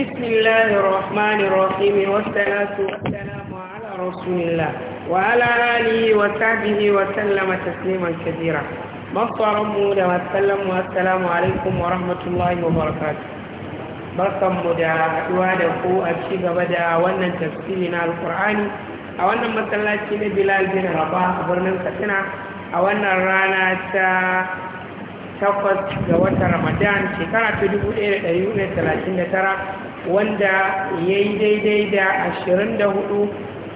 بسم الله الرحمن الرحيم والصلاة والسلام على رسول الله وعلى آله وصحبه وسلم تسليما كثيرا مغفر مودة والسلام والسلام عليكم ورحمة الله وبركاته barkan mu da haɗuwa da ku a ci gaba da wannan tafsiri na alkur'ani a wannan masallaci na bilal bin rabah a birnin katsina a wannan rana ta takwas ga watan ramadan shekara ta dubu ɗaya da ɗari da talatin da tara wanda ya yi daidai da ashirin da hudu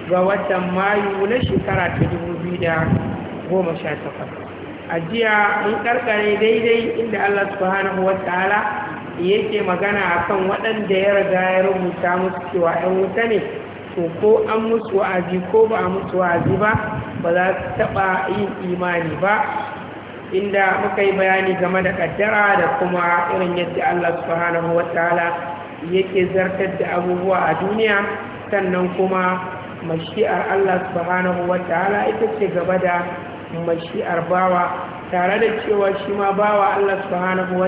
ga watan mayu na shekara ta dubu biyu da goma sha takwas a jiya mun karkare daidai inda allah subhanahu wa ta'ala yake magana akan waɗanda ya riga ya rubuta musu cewa 'yan wuta ne to ko an musu wa'azi ko ba a musu wa'azi ba ba za su taɓa yin imani ba inda muka yi bayani game da kaddara da kuma irin yadda Allah subhanahu wataala yake zartar da abubuwa a duniya sannan kuma mashi'ar Allah subhanahu ita ce gaba da mashi'ar bawa tare da cewa shi ma bawa Allah subhanahu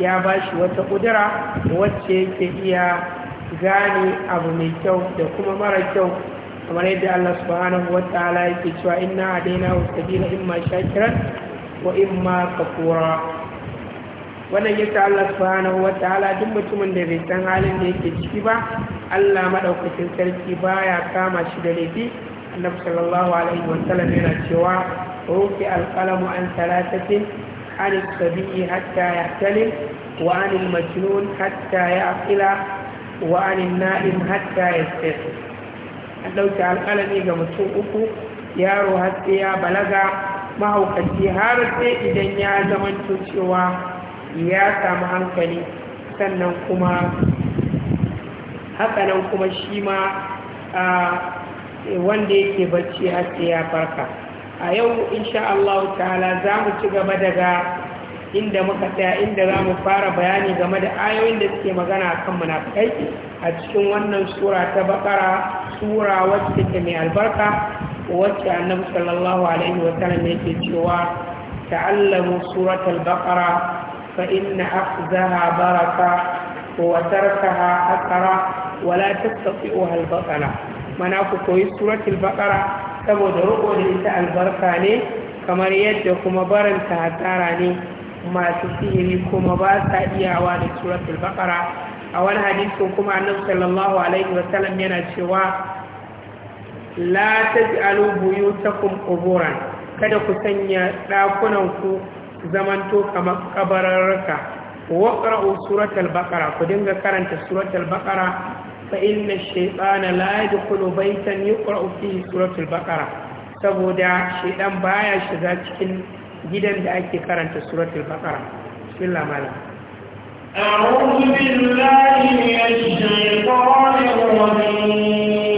ya ya shi wata kudura wacce yake iya gane abu mai kyau da kuma mara kyau kamar yadda Allah subhanahu wataala yake cewa inna hadaina wa sabila imma shakiran wa imma kafura wannan ta Allah subhanahu wa ta'ala duk mutumin da bai san halin da yake ciki ba Allah madaukakin sarki baya kama shi da laifi annabi sallallahu alaihi wa sallam yana cewa rufi alqalamu an thalathatin an sabii hatta yahtalim wa an almajnun hatta ya'qila wa an an-na'im hatta yastayqi an dauke alqalami ga mutum uku yaro har sai ya balaga mahaukaci har sai idan ya zama cewa ya samu hankali sannan kuma hakanan kuma shi ma wanda yake bacci har sai ya farka a yau insha Allah ta'ala za mu ci gaba daga inda muka tsaya inda za mu fara bayani game da ayoyin da suke magana kan munafikai a cikin wannan sura ta bakara sura wacce take mai albarka wacce annabi sallallahu alaihi wa sallam yake cewa ta'allamu suratul baqara fa inna akhdaha baraka wa tarkaha akara wa la tastati'uha al-batala mana ku koyi suratul baqara saboda roƙo da ita albarka ne kamar yadda kuma baranta hasara ne masu sihiri kuma ba sa iyawa da suratul baqara a wani hadisin kuma annabi sallallahu alaihi wa sallam yana cewa la taj'alu buyutakum quburan kada ku sanya dakunan ku zamanto kamar kabararraka wa qra'u baqara ku dinga karanta suratul baqara fa inna ash-shaytana la yadkhulu baytan yuqra'u fihi suratul baqara saboda shaytan baya shiga cikin gidan da ake karanta suratul baqara bismillah malam أعوذ بالله من الشيطان الرجيم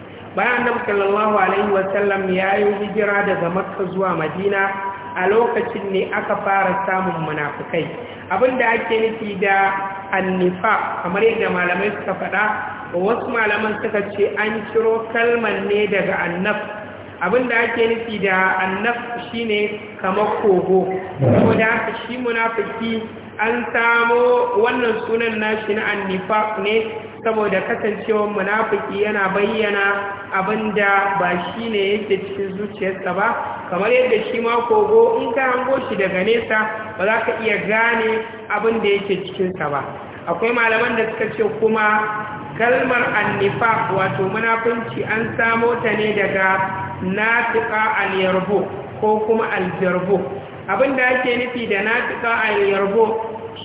bayan nan sallallahu alaihi wasallam ya yi hijira daga makka zuwa madina a lokacin ne aka fara samun munafukai abinda ake nufi da annifa kamar yadda malamai suka faɗa wasu malaman suka ce an ciro kalman ne daga annaf abinda ake nufi da annaf shine kamar kogo saboda haka shi munafiki an samo wannan sunan nashi na annifa ne saboda kasancewar munafiki yana bayyana abinda da ba shi ne yake cikin zuciyarsa ba kamar yadda shi ma kogo in ka hango shi daga nesa ba za ka iya gane abin da yake cikinsa ba akwai malaman da suka ce kuma kalmar annifa wato munafunci an samo ta ne daga Nati'a al-yarbo ko kuma al-jarbo abin da ake nufi da natiƙa al-yarbo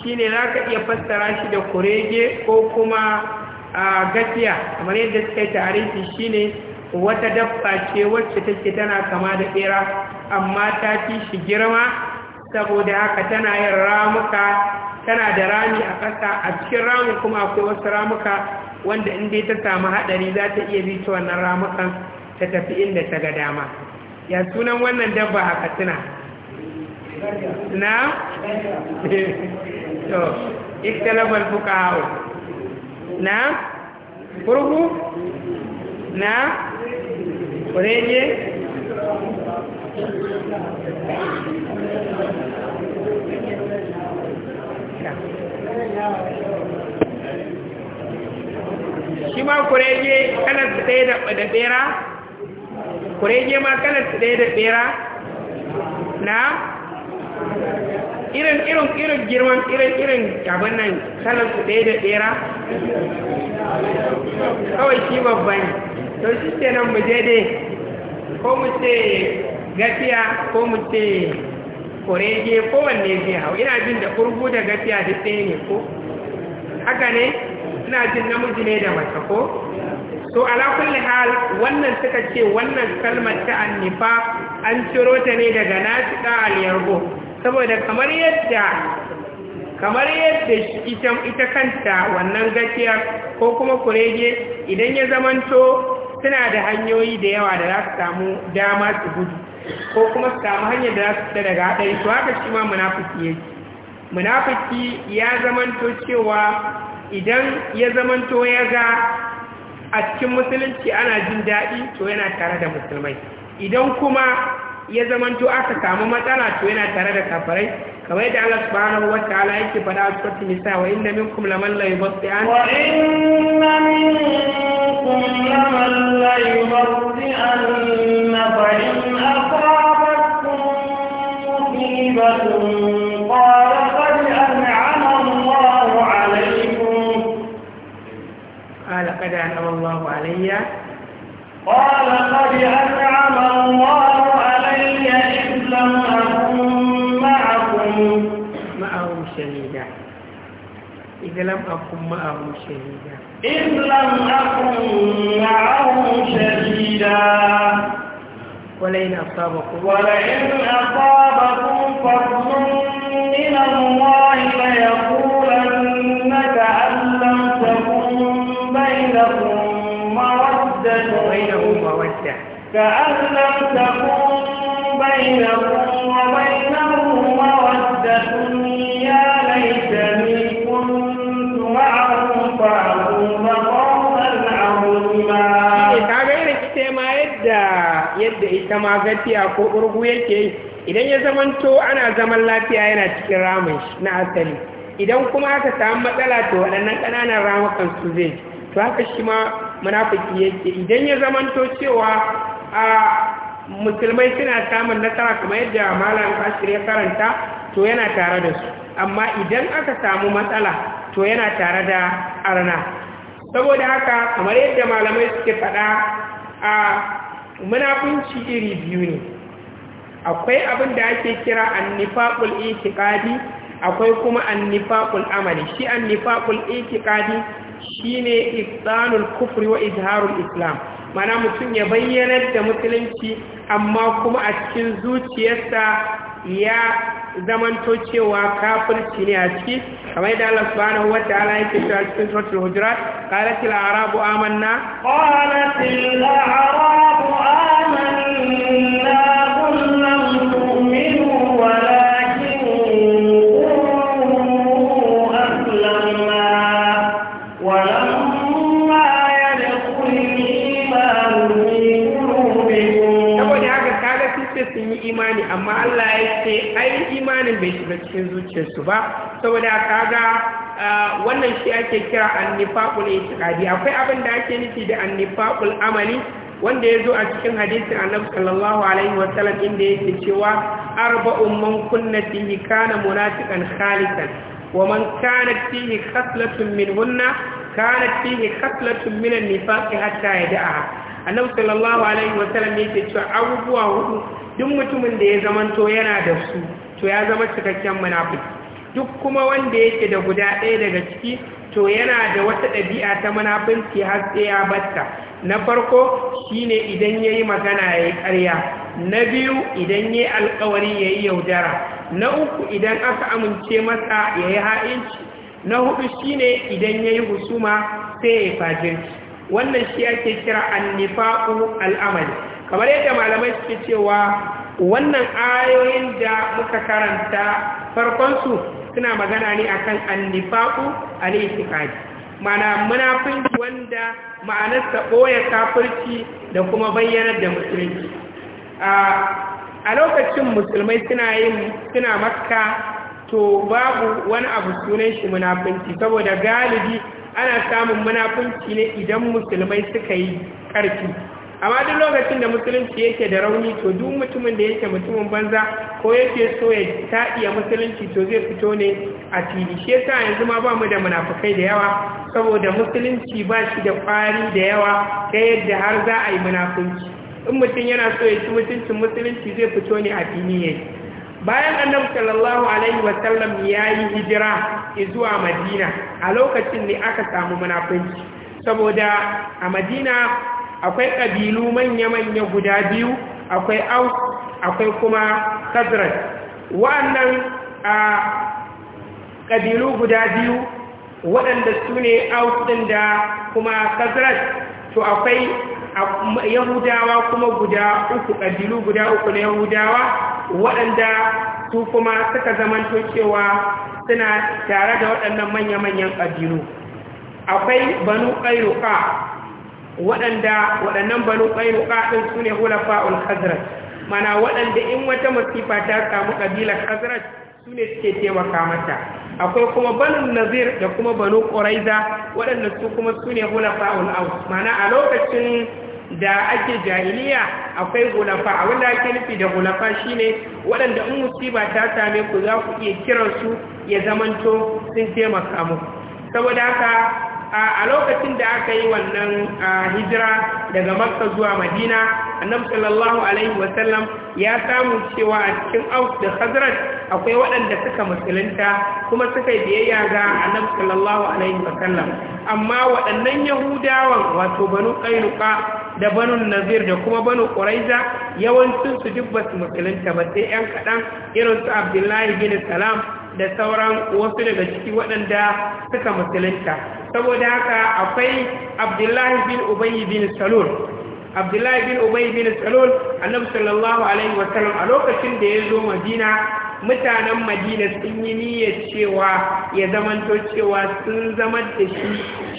shine za ka iya fassara shi da kurege ko kuma a gafiya kamar yadda suka yi tarihi ne wata dabba ce wacce take tana kama da ɓera amma ta fi shi girma saboda haka tana yin ramuka tana da rami a ƙasa a cikin ramu kuma akwai wasu ramuka wanda inda ta samu haɗari za ta iya bita wannan ramukan ta tafi inda ta ga dama ya sunan wannan dabba a katsina na? to ikhtalabar fuka hau na kurku na kureje. shi ma kurege kalar su ɗaya da ɓera kureje ma kalar su ɗaya da ɓera na irin irin irin girman irin irin gaban nan kalan ku ɗaya da ɗera kawai shi babban to shi ce nan mu je dai ko mu ce gafiya ko mu ce kurege ko wanne zai hau ina jin da kurgu da gafiya duk ɗaya ne ko haka ne ina jin namiji ne da mata ko to ala kulli hal wannan suka ce wannan kalmar ta annifa an ciro ta ne daga nasiqa al-yarbu saboda kamar yadda kamar yadda ita kanta wannan gaskiya ko kuma kurege idan ya zamanto suna da hanyoyi da yawa da za su samu dama su gudu ko kuma su samu hanyar da za su fita daga haɗari to haka shi ma munafiki yake munafiki ya zamanto cewa idan ya zamanto ya ga a cikin musulunci ana jin daɗi to yana tare da musulmai idan kuma ya zamanto aka samu matsala to yana tare da kafirai kamar da Allah subhanahu wa ta'ala yake fada a cikin misa wa inna minkum laman la an wa inna minkum laman la yubti'an fa in asabatkum musibatun qala qad an'ama Allahu alaykum qala qad an'ama Allahu ma'ahu shahida idan lam akum ma'ahu shahida idan lam akum shahida wala in asabakum wala in asabakum fadlun min Allah la yaqulanna ta'allam takum bainakum mawaddatu wa ilahu mawaddah yadda ita ma gafiya ko ɓurgu yake idan ya zamanto ana zaman lafiya yana cikin ramin na asali idan kuma aka samu matsala to waɗannan ƙananan ramukan su zai to haka shi ma munafiki yake idan ya zamanto cewa a musulmai suna samun nasara kamar yadda malam ashir ya karanta to yana tare da su amma idan aka samu matsala to yana tare da arna saboda haka kamar yadda malamai suke faɗa a munafunci iri biyu ne akwai abin da ake kira annifaqul itiqadi akwai kuma annifaqul amali shi annifaqul itiqadi shine ifdanul kufri wa izharul islam mana mutum ya bayyanar da musulunci amma kuma a cikin zuciyarsa ya zamanto cewa kafirci ne a ciki kamar yadda Allah subhanahu wa ta'ala yake cewa cikin suratul hujurat qalatil a'rabu amanna qalatil a'rabu amanna shiga cikin zuciyarsu ba saboda kaga wannan shi ake kira annifaqul itiqadi akwai abin da ake nufi da annifaqul amali wanda ya zo a cikin hadisin annabi sallallahu alaihi wa sallam inda yake cewa arba'un man kunna fihi kana munafiqan khalisan wa man kanat fihi khaslatun minhunna kanat fihi khaslatun min an-nifaq hatta yad'aha annabi sallallahu alaihi wa sallam yake cewa abubuwa hudu duk mutumin da ya zamanto yana da su to ya zama cikakken munafiki duk kuma wanda yake da guda ɗaya daga ciki to yana da wata ɗabi'a ta munafinci har sai ya batta na farko shine idan yayi magana yayi ƙarya na biyu idan yayi alƙawari yayi yaudara na uku idan aka amince masa yayi ha'inci na hudu shine idan yayi husuma sai ya fajirci wannan shi ake kira annifaqu al'amali kamar yadda malamai suke cewa wannan ayoyin da muka karanta farkonsu suna magana ne akan annifaku al-itikadi mana munafinci wanda ma'anarsa ɓoye kafirci da kuma bayyanar da musulunci a lokacin musulmai suna yin suna makka to babu wani abu sunan shi munafinci saboda galibi ana samun munafunci ne idan musulmai suka yi ƙarfi amma duk lokacin da musulunci yake da rauni to duk mutumin da yake mutumin banza ko yake so ya taɗiya musulunci to zai fito ne a fili shi yasa yanzu ma ba mu da munafukai da yawa saboda musulunci ba shi da ƙwari da yawa ta yadda har za a yi munafunci in mutum yana so ya ci mutuncin musulunci zai fito ne a fili yayi bayan annabi sallallahu alaihi wa sallam ya yi hijira zuwa madina a lokacin ne aka samu munafunci saboda a madina akwai ƙabilu manya-manya guda biyu akwai aus akwai kuma khazraj wa'annan ƙabilu guda biyu waɗanda su ne aus ɗin da kuma khazraj to akwai yahudawa kuma guda uku ƙabilu guda uku na yahudawa waɗanda su kuma suka zamanto cewa suna tare da waɗannan manya-manyan ƙabilu akwai banu ƙairuka waɗanda waɗannan banu ƙainu ƙaɗin su ne hulafa'ul hazrat mana waɗanda in wata masifa ta samu ƙabilar hazrat su ne suke taimaka mata akwai kuma banu nazir da kuma banu ƙoraiza waɗanda su kuma su ne fa'ul au. mana a lokacin da ake jahiliya akwai hulafa Wanda ake nufi da hulafa shine waɗanda in musiba ta same ku za ku iya kiransu ya zamanto sun taimaka muku saboda haka a lokacin da aka yi wannan hijira daga makka zuwa madina annab sallallahu alaihi wasallam ya samu cewa a cikin aus da khazraj akwai waɗanda suka musulunta kuma suka yi biyayya ga annab sallallahu alaihi wasallam amma waɗannan yahudawan wato banu qainuqa da banu nazir da kuma banu quraiza yawancin su duk basu musulunta ba sai yan kaɗan irin su abdullahi bin salam da sauran wasu daga ciki waɗanda suka musulunta saboda haka akwai abdullahi bin ubayi bin salul abdullahi bin ubayi bin salul annabi sallallahu alaihi wasallam a lokacin da ya zo madina mutanen madina sun yi niyyar cewa ya zamanto cewa sun zama da shi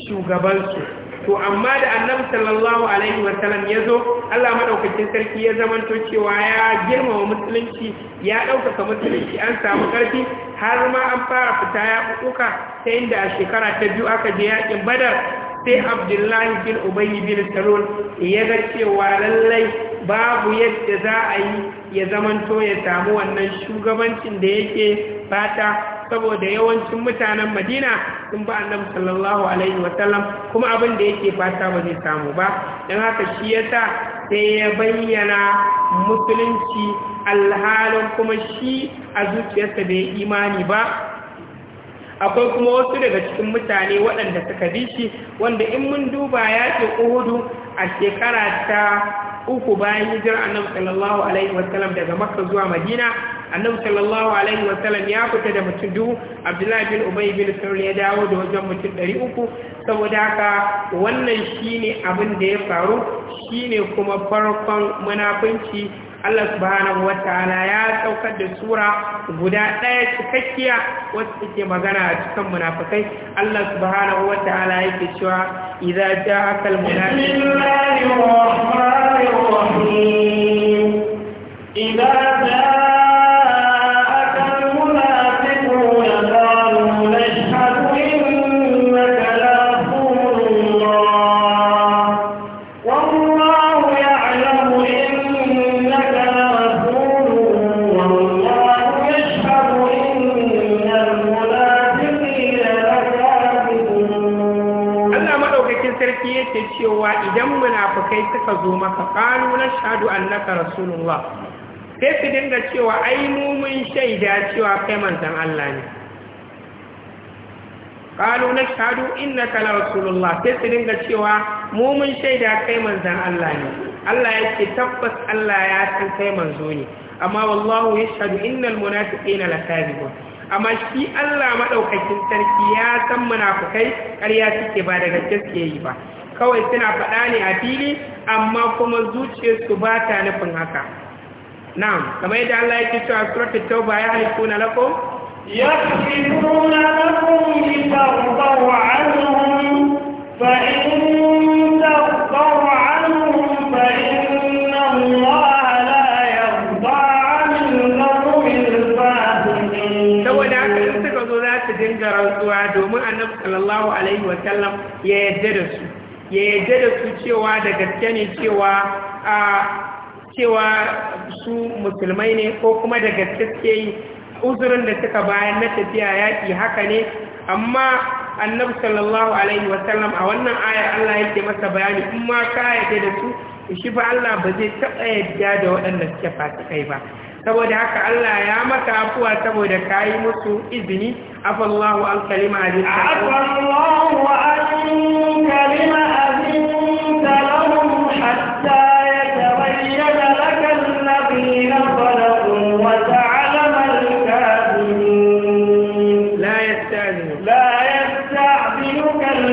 shugabansu to amma da annabi sallallahu alaihi wasallam ya zo Allah madaukakin sarki ya zamanto cewa ya girmama musulunci ya ɗaukaka musulunci an samu karfi har ma an fara fita ya kuka ta inda a shekara ta biyu aka je yakin badar sai abdullahi bin ubay bin salul ya ga cewa lallai babu yadda za a yi ya zamanto ya samu wannan shugabancin da yake fata saboda yawancin mutanen madina sun ba annabi sallallahu alaihi wasallam kuma abin da yake fata ba zai samu ba don haka shi yasa sai ya bayyana musulunci alhalin kuma shi a zuciyarsa bai imani ba akwai kuma wasu daga cikin mutane waɗanda suka bi shi wanda in mun duba yaƙin uhudu a shekara ta uku bayan hijirar annabi sallallahu alaihi wasallam daga makka zuwa madina annabi sallallahu alaihi wasallam ya fita da mutum dubu abdullahi bin ubay bin sauri ya dawo da wajen mutum ɗari uku saboda haka wannan shine abin da ya faru shine kuma farkon munafunci Allah subhanahu wa ta'ala ya saukar da sura guda ɗaya cikakkiya wacce take magana a cikin munafakai Allah subhanahu wa ta'ala yake cewa idza ja'aka al-munafiqun innaka rasulullah sai su dinga cewa ai mu mun shaida cewa kai manzon Allah ne qalu nashhadu innaka la rasulullah sai su dinga cewa mu mun shaida kai manzon Allah ne Allah ya ce tabbas Allah ya san kai manzo ne amma wallahu yashhadu innal munafiqina lakazibun amma shi Allah madaukakin sarki ya san munafikai ƙarya suke ba daga gaske suke yi ba kawai suna faɗa ne a fili amma kuma zuciyarsu ba ta nufin haka na'am kamar yadda Allah yake cewa suratul tauba ya halikuna lakum yaqifuna lakum li tarbu anhum fa in tarbu anhum fa inna Allah la yarda anil qawmil saboda haka in suka zo za su dinga rantsuwa domin annabi sallallahu alaihi wa sallam ya yadda da su ya yadda da su cewa da gaske ne cewa a cewa su musulmai ne ko kuma da gaske suke yi uzurin da suka bayan na tafiya yaƙi haka ne amma annabi sallallahu alaihi wasallam a wannan aya Allah yake masa bayani in ma ka yadda da su shi ba Allah ba zai taɓa yadda da waɗanda suke kai ba saboda haka Allah ya maka afuwa saboda ka yi musu izini afallahu alkalima a zai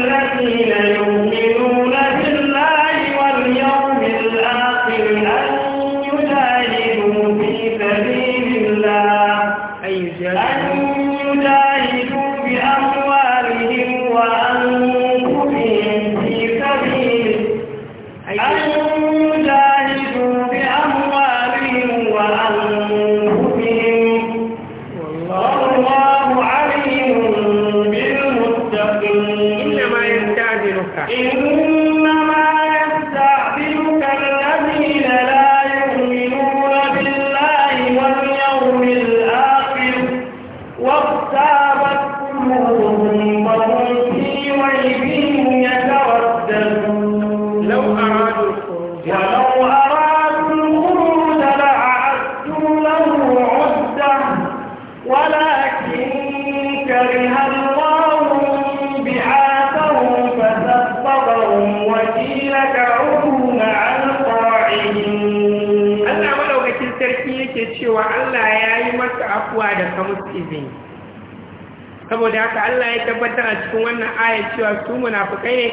الذين يؤمنون ya tabbatar a cikin wannan aya cewa su munafukai ne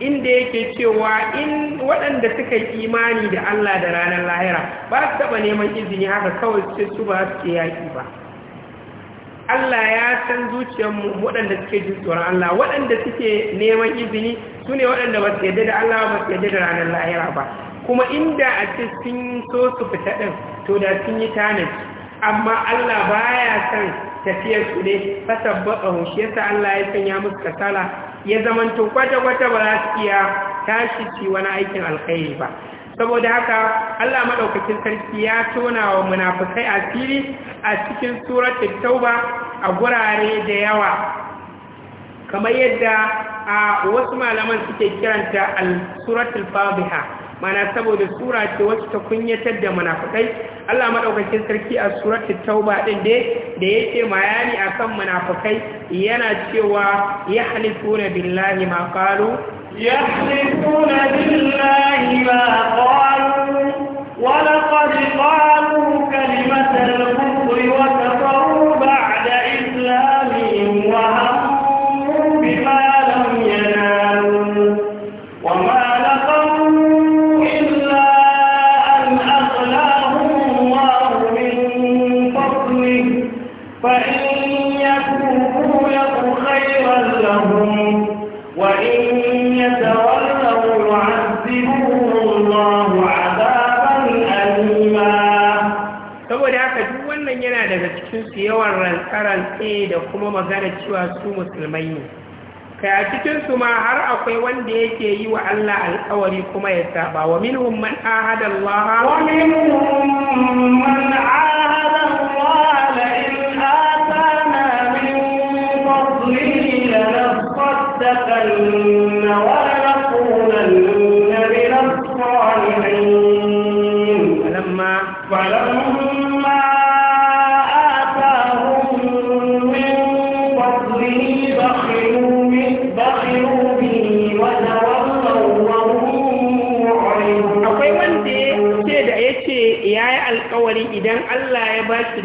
inda yake cewa in waɗanda suka imani da Allah da ranar lahira ba su taɓa neman izini haka kawai su su ba su ke yaƙi ba Allah ya san zuciyarmu waɗanda suke jin tsoron Allah waɗanda suke neman izini su ne waɗanda ba su yarda da Allah ba su yarda da ranar lahira ba kuma inda a ce sun so su fita ɗin to da sun yi tanadi amma Allah baya san tafiyar su ne fasabbaqahu shi yasa Allah ya sanya musu kasala ya zamanto kwata kwata ba za su iya tashi ci wani aikin alkhairi ba saboda haka Allah maɗaukakin sarki ya tona wa munafukai asiri a cikin suratul tauba a gurare da yawa kamar yadda a wasu malaman suke kiranta al-suratul fadiha mana saboda sura ce wacce ta kunyatar da munafikai Allah madaukakin sarki a surati tauba din da da yake mayani akan munafikai yana cewa yahlifuna billahi ma qalu yahlifuna billahi ma qalu wa laqad qalu kalimatan kufri wa da kuma magana cewa su musulmai ne kai a cikin su ma har akwai wanda yake yi wa Allah alƙawari kuma ya saba wa minhum man ahada wa minhum man ahada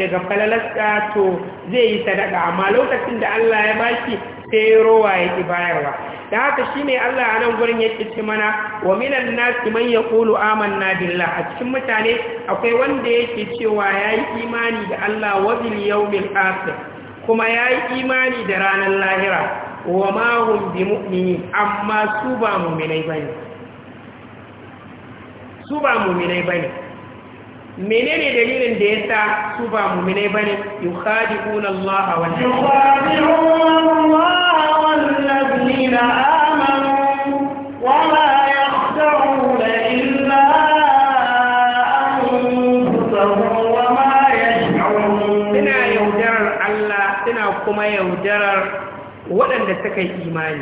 daga falalasta to zai yi sadaka amma lokacin da Allah ya baki sai rowa yake bayarwa da haka shine Allah a nan gurin yake ce mana wa minan nasi man yaqulu amanna billahi a cikin mutane akwai wanda yake cewa yayi imani da Allah wa bil yawmil akhir kuma yayi imani da ranar lahira wa ma hum bi mu'minin amma su ba mu'minai bane su ba mu'minai bane menene dalilin da yasa su ba mu'minai bane yukhadi'una Allah wal yukhadi'una amanu illa yaudarar Allah kuma yaudarar waɗanda suka yi imani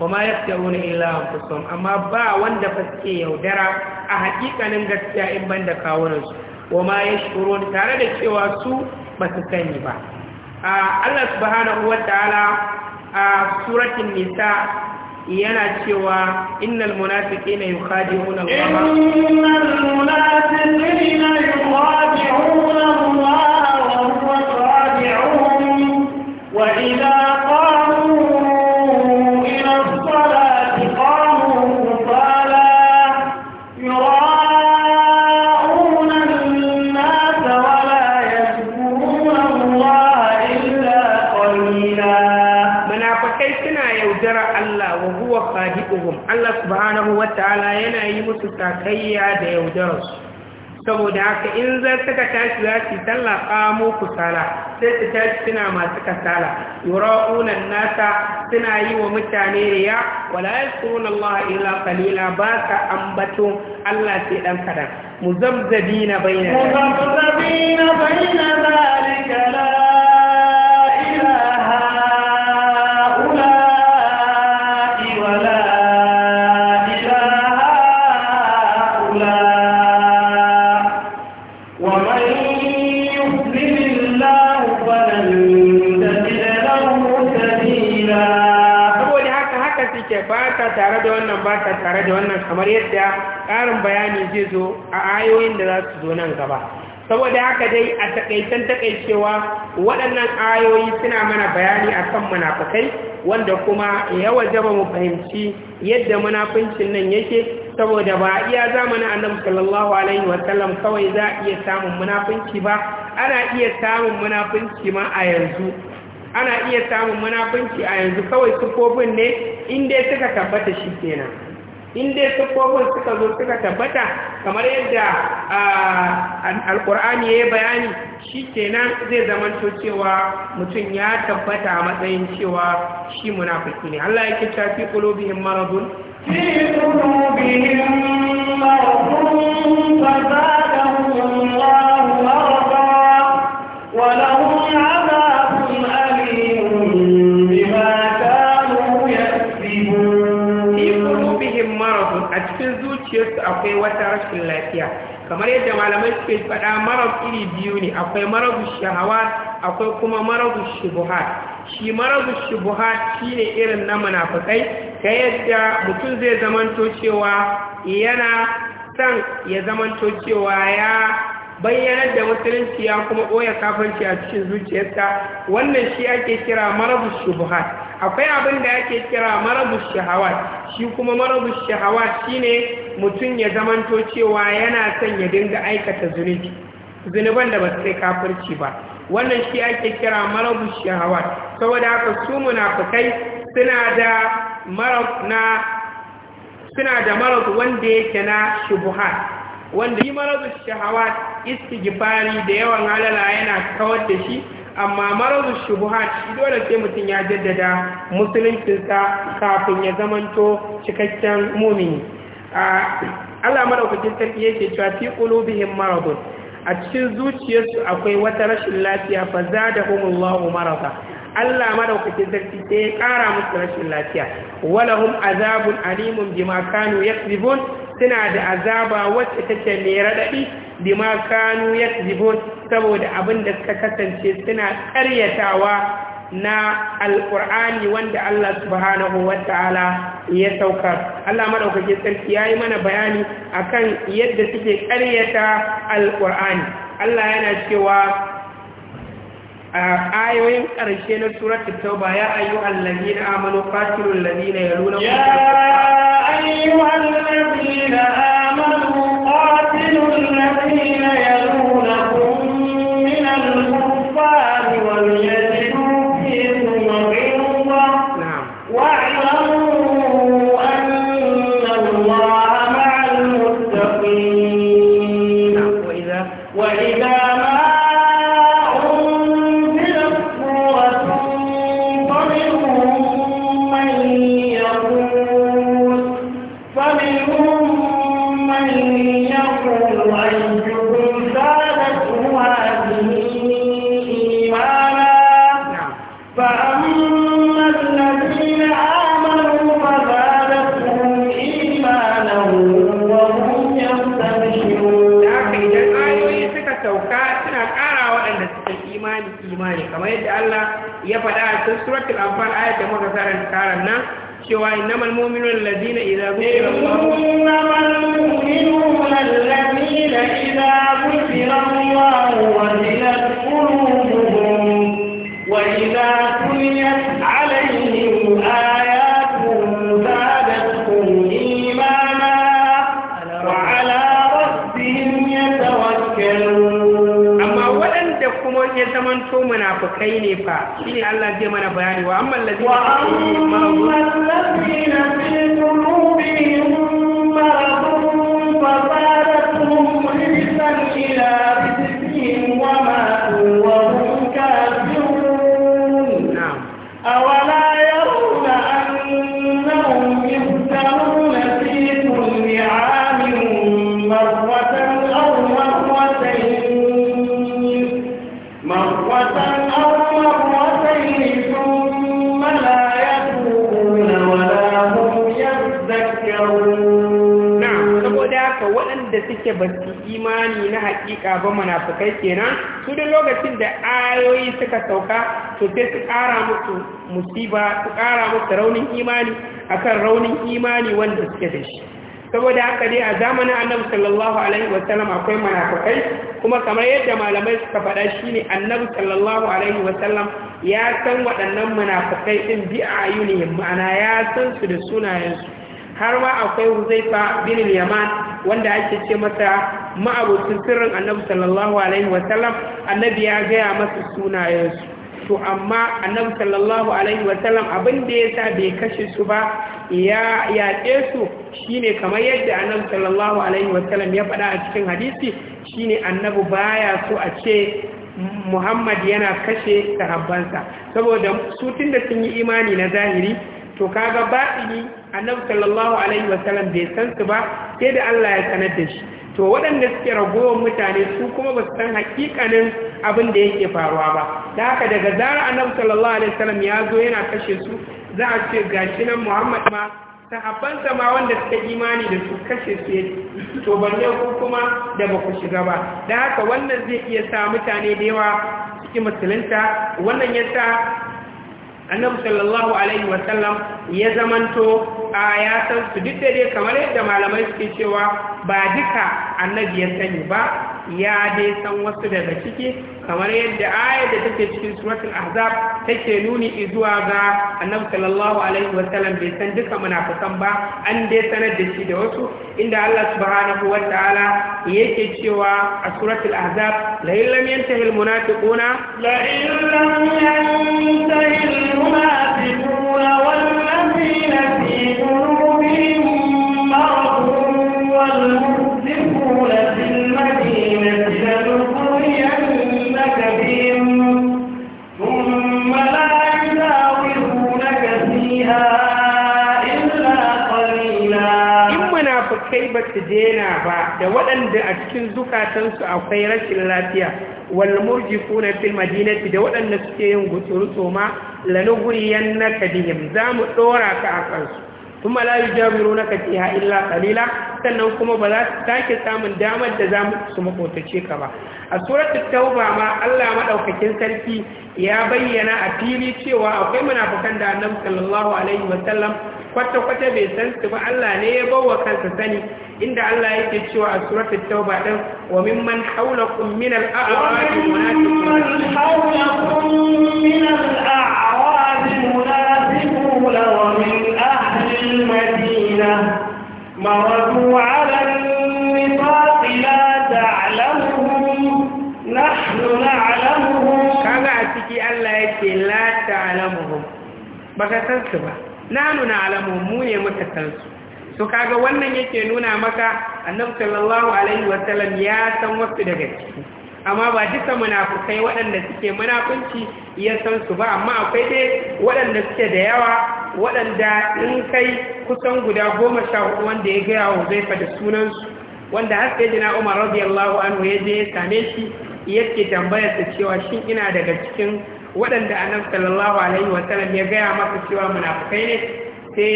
ya ma yakhda'una illa anfusahum amma ba wanda fa suke yaudara a haƙiƙanin gaskiya in banda kawunansu wa ma yashkurun tare da cewa su ba su sani ba Allah subhanahu wa ta'ala a suratul nisa yana cewa innal munafiqina yukhadi'una Allah innal munafiqina yukhadi'una Allah wa huwa khadi'uhum wa idha saboda haka in zai suka tashi za su tallafa mu kusala sai su tashi suna masu kasala yura'unan nasa suna yi wa mutane riya wala yaskurun Allah illa qalila ba ka ambato Allah sai dan kadan muzabzabina bainana muzabzabina bainana zalika la tare da wannan ba ta tare da wannan kamar yadda ƙarin bayani zai zo a ayoyin da za su zo nan gaba saboda haka dai a takaitan taƙaicewa, waɗannan ayoyi suna mana bayani a kan munafukai wanda kuma ya ba mu fahimci yadda munafuncin nan yake saboda ba iya zamanin annabi sallallahu alaihi wasallam kawai za a iya samun munafunci ba ana iya samun munafunci ma a yanzu ana iya samun munafunci a yanzu kawai sufofin ne inda suka tabbata shi kenan inda siffofin suka zo suka tabbata kamar yadda alkur'ani ya yi bayani shi kenan zai zamanto cewa mutum ya tabbata a matsayin cewa shi munafiki ne Allah yake tafi fi qulubihim maradun fi qulubihim maradun fa akwai wata rashin lafiya kamar yadda malamai suke faɗa marar iri biyu ne akwai marar shahawa akwai kuma marar shubuha shi marabu shubuha shine irin na munafikai ta yadda mutum zai zamanto cewa yana san ya zamanto cewa ya bayyanar da musulunci ya kuma ɓoye kafanci a cikin zuciyarsa wannan shi ake kira marabus shubuhat akwai abin da ake kira marabus shahawat shi kuma marabus shahawat shine mutum ya zamanto cewa yana son ya dinga aikata zunubi zunuban da ba su kai kafirci ba wannan shi ake kira marabus shahawat saboda haka su munafikai suna da marab na suna da marabu wanda yake na shubuhat wanda yi marazu shahawa istighfari da yawan halala yana kawar da shi amma marazu shubuhat shi dole sai mutum ya jaddada musuluncinsa kafin ya zamanto cikakken mumini a Allah madaukakin sarki yake cewa fi ƙulubihin maradun a cikin zuciyarsu akwai wata rashin lafiya fa humullahu marasa. Allah madaukakin sarki sai ya ƙara musu rashin lafiya walahum azabun alimun bima kanu yakzibun suna da azaba wacce take mai raɗaɗi da ma kanu yakzibun saboda abin da suka kasance suna ƙaryatawa na alƙur'ani wanda Allah subhanahu wa ta'ala ya saukar Allah maɗaukake sarki ya yi mana bayani akan yadda suke ƙaryata alƙur'ani Allah yana cewa آه، آيوين أرشينا سورة التوبة يا أيها الذين آمنوا قاتلوا الذين يلون يا أيها الذين آمنوا قاتلوا الذين يلون suratul anfal ayat da muka karanta nan cewa innamal mu'minuna allazina idza dhukira Allah innamal mu'minuna allazina idza dhukira Allah wa zaman munafukai munafikai ne fa shine Allah zai mana bayani wa amman ladina fi qulubihim maradun fa zadatuhum ila suke ba su imani na hakika ba munafukai kenan su da lokacin da ayoyi suka sauka to sai su kara musu musiba su ƙara musu raunin imani akan raunin imani wanda suke da shi saboda haka dai a zamanin annabi sallallahu alaihi sallam akwai munafukai kuma kamar yadda malamai suka faɗa shine annabi sallallahu alaihi sallam ya san waɗannan munafukai din bi a ayunihim ma'ana ya san su da sunayensu har ma akwai huzaifa bin yaman wanda ake ce masa ma'abocin sirrin annabi sallallahu alaihi wasallam annabi ya gaya masa sunayensu to amma annabi sallallahu alaihi wasallam abin da ya sa bai kashe su ba ya yaƙe su shine kamar yadda annabi sallallahu alaihi wasallam ya faɗa a cikin hadisi shine annabi baya so a ce Muhammad yana kashe sahabbansa saboda su tunda sun yi imani na zahiri to kaga baɗini annabi sallallahu alaihi wasallam bai san su ba sai da Allah ya sanar da shi to waɗanda suke ragowar mutane su kuma ba su san hakikanin abin da yake faruwa ba da haka daga zara annabi sallallahu alaihi wasallam ya zo yana kashe su za a ce gashi nan Muhammad ma sa ma wanda suka imani da su kashe su yake to balle ku kuma da ba ku shiga ba da haka wannan zai iya sa mutane da yawa cikin musulunta wannan yasa annabi sallallahu alaihi wasallam ya zamanto a ya san su duk dai kamar yadda malamai suke cewa ba duka annabi ya sani ba ya dai san wasu daga ciki kamar yadda ayar da take cikin suratul ahzab take nuni izuwa ga annabi sallallahu alaihi wa sallam bai san duka munafikan ba an dai sanar da shi da wasu inda Allah subhanahu wa ta'ala yake cewa a suratul ahzab la in lam yantahi al munafiquna la in lam yantahi al munafiquna wal ladina fi qulubihim munafukai ba su dena ba da waɗanda a cikin zukatansu akwai rashin lafiya wal murjifu fil madinati da waɗanda suke yin gutsuru tsoma lanuguriyan na kadihim za mu ɗora ka a kansu tun ma layu jabiru na kafiha illa kalila sannan kuma ba za su sake samun damar da za mu su makotace ka ba a suratul tauba ma Allah maɗaukakin sarki ya bayyana a fili cewa akwai munafukan da annabi sallallahu alaihi wa sallam kwata-kwata bai san su ba Allah ne ya bawa kansa sani inda Allah yake cewa a suratul tauba din wa mimman hawlakum min al-a'rab kaga a ciki Allah yake la baka san su ba nanu na alamu mu ne muka san su to kaga wannan yake nuna maka annabi sallallahu alaihi wasallam ya san wasu daga ciki amma ba duka munafukai waɗanda suke munafunci ya san su ba amma akwai dai waɗanda suke da yawa waɗanda in kai kusan guda goma sha hudu wanda ya gaya wa zai da sunansu wanda har sai jina umar radiyallahu anhu ya je ya same shi yake tambayar ta cewa shin ina daga cikin waɗanda annabi sallallahu alaihi wa sallam ya gaya maka cewa munafukai ne sai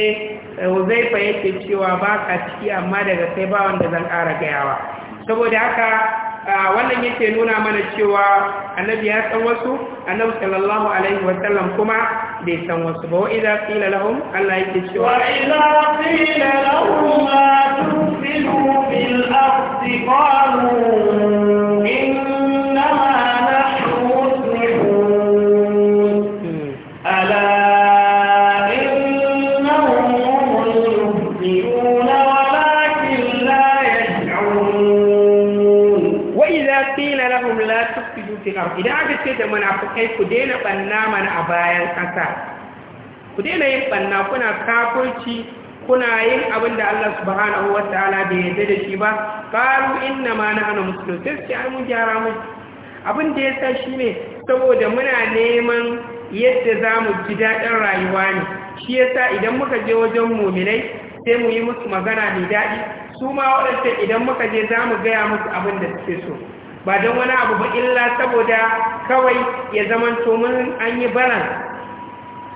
eh, uzaifa yake cewa ba ka ciki amma daga sai ba wanda zan ƙara gayawa saboda haka wannan yake nuna mana cewa annabi ya san wasu annabi sallallahu alaihi wa sallam kuma bai san wasu ba wa idza qila lahum Allah yake cewa wa idza qila lahum ma tusilu fil ardi qalu kai ku daina ɓanna mana a bayan ƙasa ku daina yin ɓanna kuna kafurci kuna yin abin da Allah subhanahu wa ta'ala bai yarda da shi ba qalu inna ma nahnu muslimun sai ai mun gyara mu abin da yasa ne saboda muna neman yadda za mu ji daɗin rayuwa ne shi yasa idan muka je wajen muminai sai mu yi musu magana mai daɗi su ma waɗanda idan muka je za mu gaya musu abin da suke so ba don wani abu ba illa saboda kawai ya zaman tomin an yi balan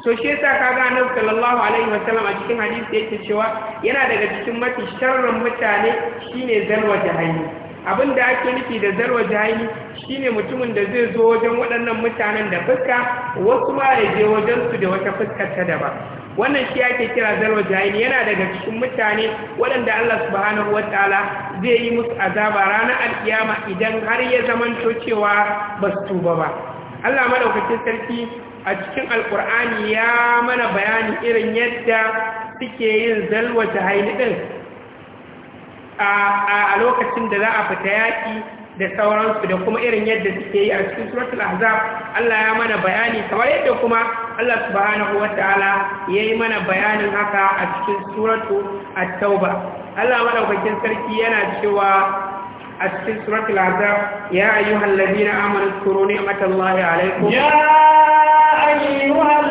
so shi yasa kaga annabi sallallahu alaihi wasallam a cikin hadisi yake cewa yana daga cikin mafi sharrin mutane shine zalwa jahili abin da ake nufi da zalwa jahili shine mutumin da zai zo wajen waɗannan mutanen da fuska wasu ma ya je wajen su da wata fuskar ta daban wannan shi ake kira zalwa jahili yana daga cikin mutane waɗanda Allah subhanahu wataala zai yi musu azaba ranar alkiyama idan har ya zamanto cewa ba su tuba ba Allah madaukakin sarki a cikin alkur'ani ya mana bayani irin yadda suke yin zalwa jahili din a lokacin da za a fita yaki da sauransu da kuma irin yadda suke yi a cikin suratul ahzab Allah ya mana bayani kamar yadda kuma Allah subhanahu wataala yayi mana bayanin haka a cikin suratu at-tauba Allah madaukakin sarki yana cewa a cikin suratul ahzab ya ayyuhallazina amanu zkuru ni'matallahi alaykum ya ayyuhal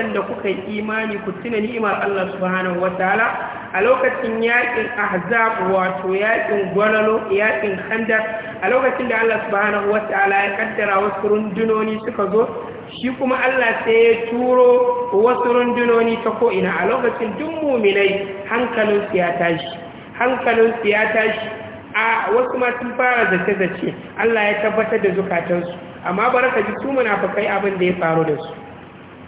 waɗanda kuka yi imani ku tuna ni'imar Allah subhanahu wataala a lokacin yakin ahzab wato yakin gwalalo yakin khandar a lokacin da Allah subhanahu wataala ya kaddara wasu rundunoni suka zo shi kuma Allah sai ya turo wasu rundunoni ta ko'ina? a lokacin duk mu'minai hankalin su ya tashi hankalin su ya tashi a wasu ma sun fara zace zace Allah ya tabbatar da zukatansu amma baraka ji su munafikai abin da ya faru da su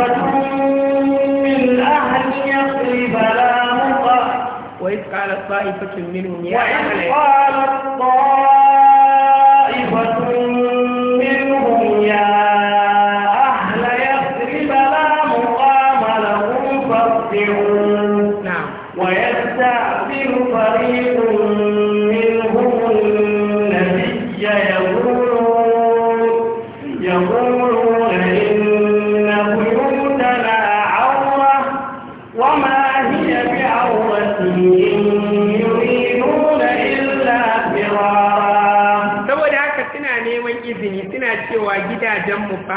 طائفة من أهل لا وإذ قالت طائفة منهم يا أهل وإذ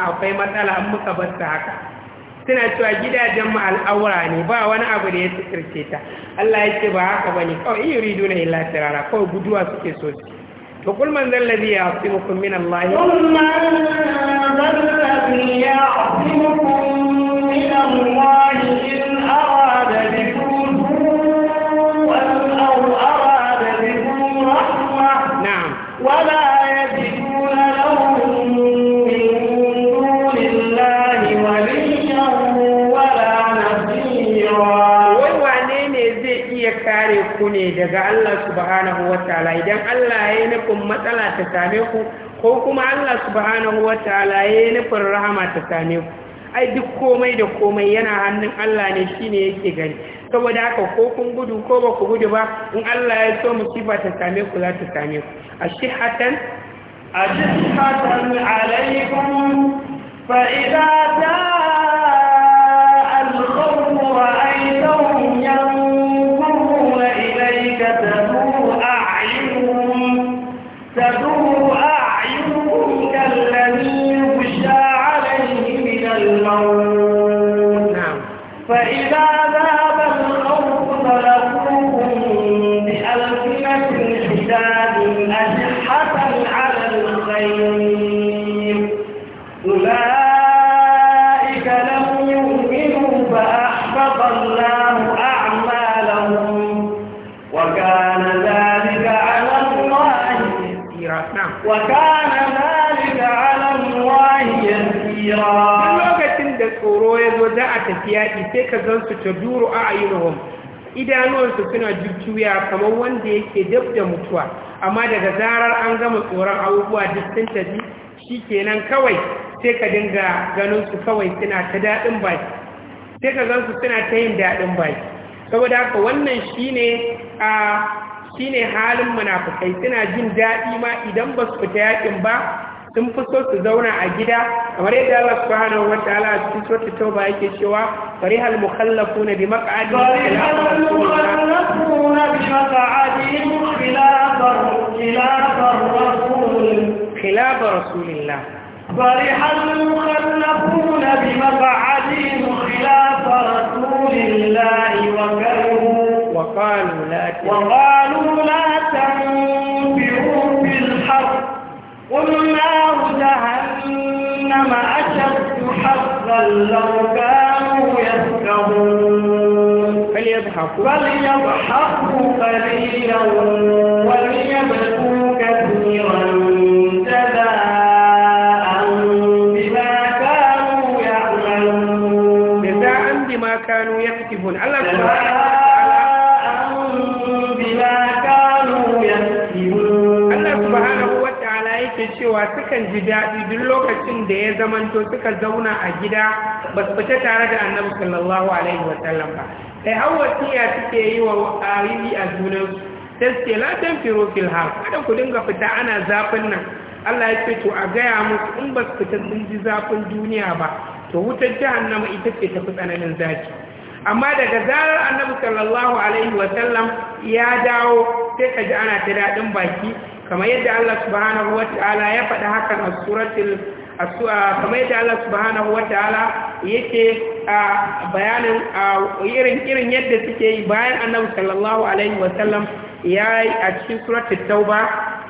akwai matsala an muka bar haka suna cewa gidajen mu al'aura ne ba wani abu da ya sukirce ta Allah ya ce ba haka bane kawai in yuridu na illa tirara kawai guduwa suke so su to kul man zal ladhi ya'timukum min Allah kul man min Allah daga Allah subhanahu wataala idan Allah ya nufin matsala ta same ku ko kuma Allah subhanahu wataala ya nufin rahama ta same ku ai duk komai da komai yana hannun Allah ne shine yake gani saboda haka ko kun gudu ko ba ku gudu ba in Allah ya so musiba ta same ku za ta same ku ashihatan ashihatan alaikum fa idza Tafiya yaƙi sai ka zan su ta duru a hom. idanuwansu suna jujjuya kamar wanda yake dab da mutuwa amma daga zarar an gama tsoron abubuwa duk sun tafi shi kenan kawai sai ka dinga ganin su kawai suna ta daɗin baki sai ka zan su suna ta yin daɗin baki saboda haka wannan shine a shine halin munafukai suna jin daɗi ma idan ba su fita yaƙin ba sun fi so su zauna a gida kamar yadda Allah subhanahu wa ta'ala cikin suratul tauba yake cewa farihal mukhallafuna bi maq'adi farihal mukhallafuna bi maq'adihim khilafar rasul khilaf rasulillah farihal mukhallafuna bi maq'adihim khilaf rasulillah wa qalu wa qalu la wa qalu la tanfiru bil harb جهنم أشد حقا لو كانوا يفكرون فليضحكوا فليضحكوا قليلا وليبتلوا sukan ji daɗi duk lokacin da ya zamanto suka zauna a gida ba su fita tare da annabi sallallahu alaihi wa sallam ba sai har wasiya suke yi wa ayyuki a su. sai suke latan firo fil har kada ku dinga fita ana zafin nan Allah ya ce to a gaya musu in ba su fita sun ji zafin duniya ba to wutar jahannama ita ce ta fi tsananin zafi amma daga zarar annabi sallallahu alaihi wa sallam ya dawo sai ka ji ana ta daɗin baki kamar yadda Allah subhanahu wata'ala ya faɗa hakan a suratul kamar yadda Allah subhanahu wata'ala yake a bayanin irin irin yadda suke yi bayan Annabi sallallahu alaihi wa wasallam yayi a cikin suratul tauba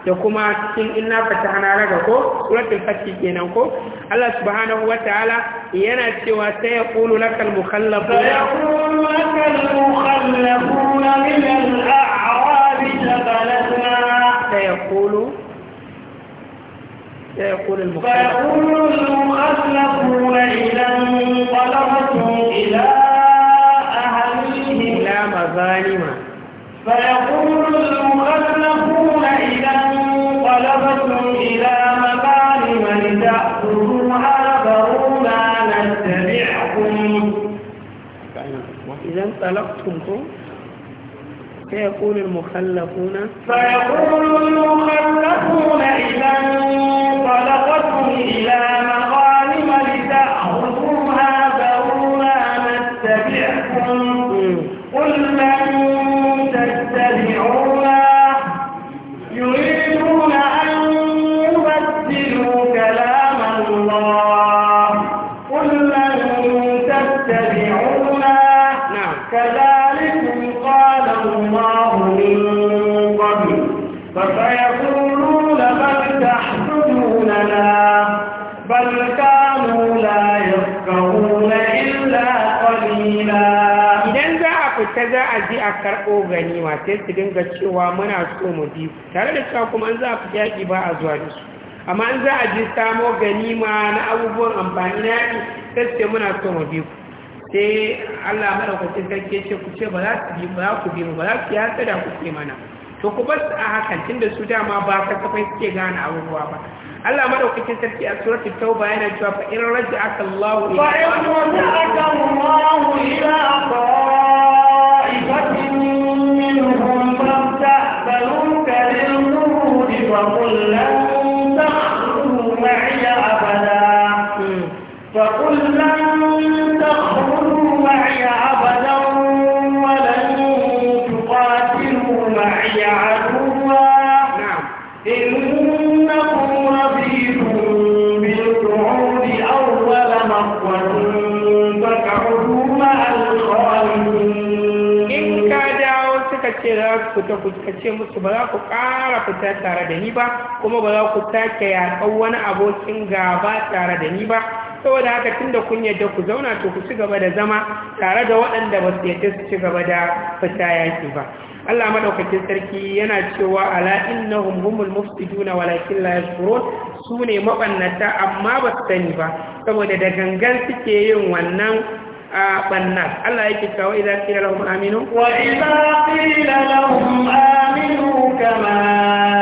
da kuma cikin inna fatahana laka ko suratul fathi kenan ko Allah subhanahu wataala yana cewa sai ya qulu lakal mukhallafun yaqulu lakal mukhallafun min al-a'rab tabalatna فيقول فيقول المخلفون إذا انطلقتم إلى أهلهم إلى مظالم فيقول المخلفون إذا انطلقتم إلى مظالم لتأخذوها ذرونا نتبعكم إذا انطلقتم فيقول المخلفون فيقول المخلفون إذا انطلقت sai su dinga cewa muna so mu bi tare da cewa kuma an za a fi yaƙi ba a zuwa da su amma an za a ji samo ganima na abubuwan amfani na yaƙi sai su muna so mu bi ku sai allah maɗaukacin sarki ce ku ce ba za su bi ba za ku bi ba za su yasa da ku ke mana to ku bar a hakan tunda su dama ba kasafai suke gane abubuwa ba Allah madaukakin sarki a suratul tauba yana cewa fa in raja'aka Allahu ila fa da ku musu ba za ku ƙara fita tare da ni ba kuma ba za ku take yaƙar wani abokin gaba tare da ni ba saboda haka tun da kun yadda ku zauna to ku ci gaba da zama tare da waɗanda ba su yadda su ci gaba da fita yaƙi ba Allah madaukakin sarki yana cewa ala innahum humul mufsiduna walakin la yashkurun su ne mabannata amma ba su sani ba saboda da gangan suke yin wannan ɓannan Allah yake cewa idan kila lahum aminu wa idan kila lahum aminu kama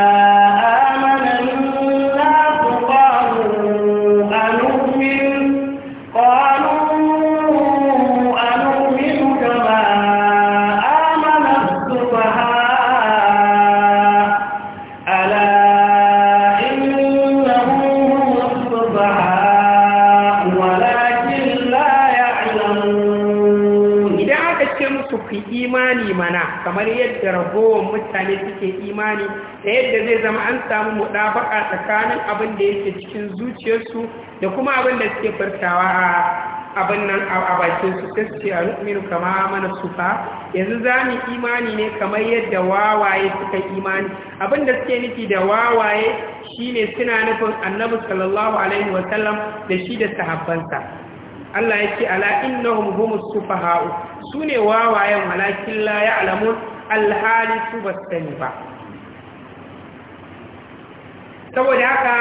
kamar yadda ragowar mutane suke imani da yadda zai zama an samu mudafaka tsakanin abin da yake cikin zuciyarsu da kuma abin da suke fartawa a abin nan a bakin su suke a rukminu kama mana sufa yanzu za mu imani ne kamar yadda wawaye suka imani abin da suke nufi da wawaye shine suna nufin annabi sallallahu alaihi wasallam da shi da sahabbansa Allah yake ala innahum humus su sune wawayen walakin la ya'lamun alhali su basani ba saboda haka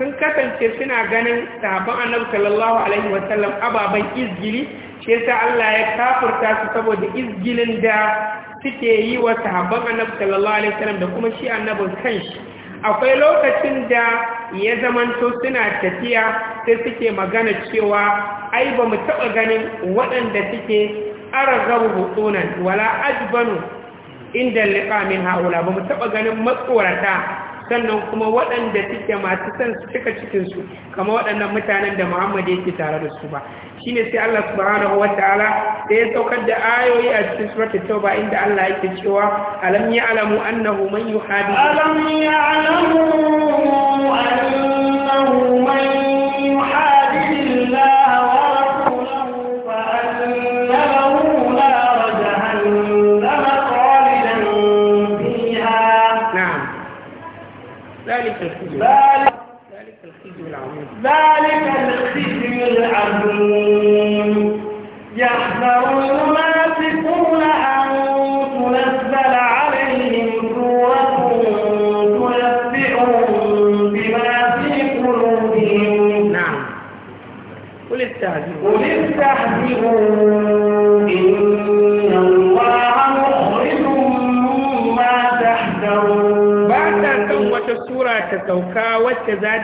sun kasance suna ganin sahabban annabi sallallahu alaihi wa sallam, ababan izgili shi yasa Allah ya kafurta su saboda izgilin da suke yi wa sahabban annabi sallallahu alaihi sallam, da kuma shi annabin kanshi akwai lokacin da ya zamanto suna tafiya sai suke magana cewa ai ba mu taɓa ganin waɗanda suke arzabu hutunan wala ajbanu inda liƙa min haula ba mu taɓa ganin matsorata sannan kuma waɗanda suke masu san su cika cikinsu kama waɗannan mutanen da Muhammad yake tare da su ba shi ne sai Allah subhanahu wa ta'ala da ya saukar da ayoyi a cikin surat tauba inda Allah yake cewa alam ya'lamu annahu man yuhadi alam ya'lamu annahu man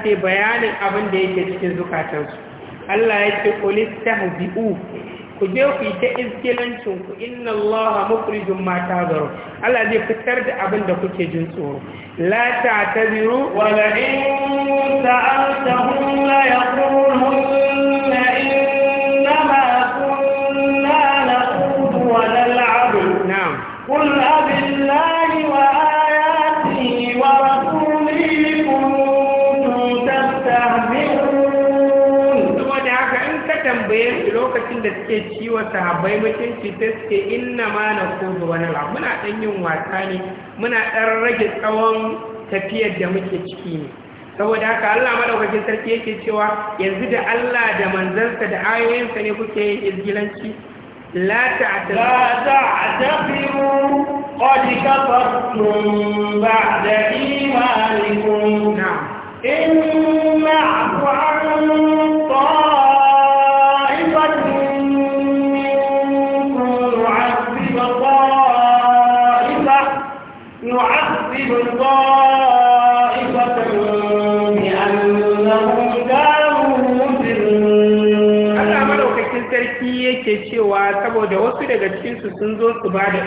suke bayanin abin da yake cikin zukatansu Allah ya ce qulis tahzi'u ku je ku yi ta iskilancin ku inna Allah mukhrijum ma tazaru Allah zai fitar da abin da kuke jin tsoro la ta'taziru wa la in ta'altahum la yaqulun lokacin da suke ciwon sahabbai mutunci sai suke inna ma na kudu wani la muna ɗan yin wasa ne muna ɗan rage tsawon tafiyar da muke ciki ne saboda haka Allah madaukakin sarki yake cewa yanzu da Allah da manzansa da ayoyinsa ne kuke yin izgilanci la ta'tadiru qad kafartum ba'da imanikum na'am in cewa saboda wasu daga cikinsu sun zo su ba da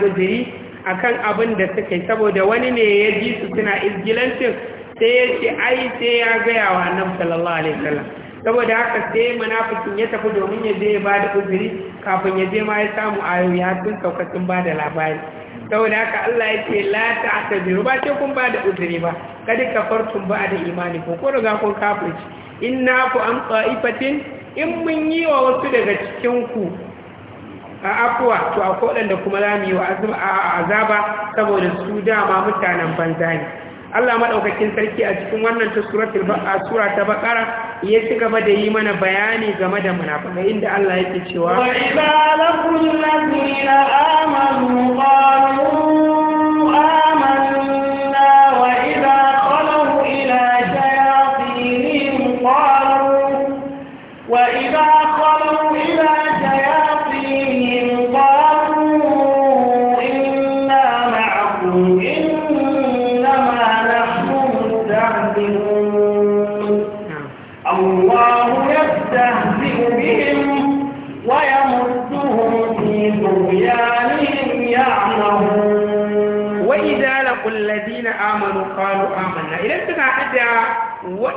a kan abin da suka yi saboda wani ne ya ji su suna izgilancin sai ya ce ai sai ya gaya wa annabi sallallahu alaihi wasallam saboda haka sai munafikin ya tafi domin ya je ya ba da uzuri kafin ya je ma ya samu ayoyi har sun sauka sun ba da labari saboda haka Allah ya ce la ta'tadiru ba ce kun ba da uzuri ba kada fartun ba da imani ko ko riga kun kafirci inna ku an qa'ifatin in mun yi wa wasu daga cikin ku a afuwa to akwai waɗanda kuma Lami mu a wa azaba saboda su dama mutanen banza ne Allah maɗaukakin sarki a cikin wannan ta sura ta bakara ya ci gaba da yi mana bayani game da munafaka inda Allah yake cewa wa idza laqul amanu qalu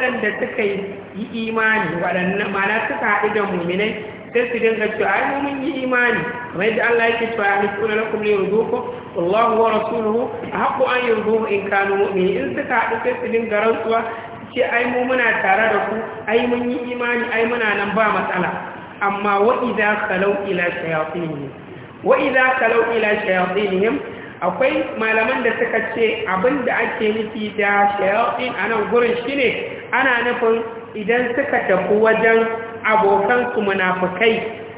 waɗanda suka yi imani waɗanda mana suka haɗu da muminai sai su dinga cewa ai mu mun yi imani kamar yadda Allah yake cewa ni kuna lakum li yurduku wallahu wa rasuluhu haqqu an yurduhu in kanu mu'minin in suka haɗu sai su dinga rantsuwa ce ai mu muna tare da ku ai mun yi imani ai muna nan ba matsala amma wa idza kalau ila shayatinihim wa idza kalau ila shayatinihim akwai malaman da suka ce abin da ake nufi da shayatin anan gurin shine ana nufin idan suka tafi wajen abokansu munafukai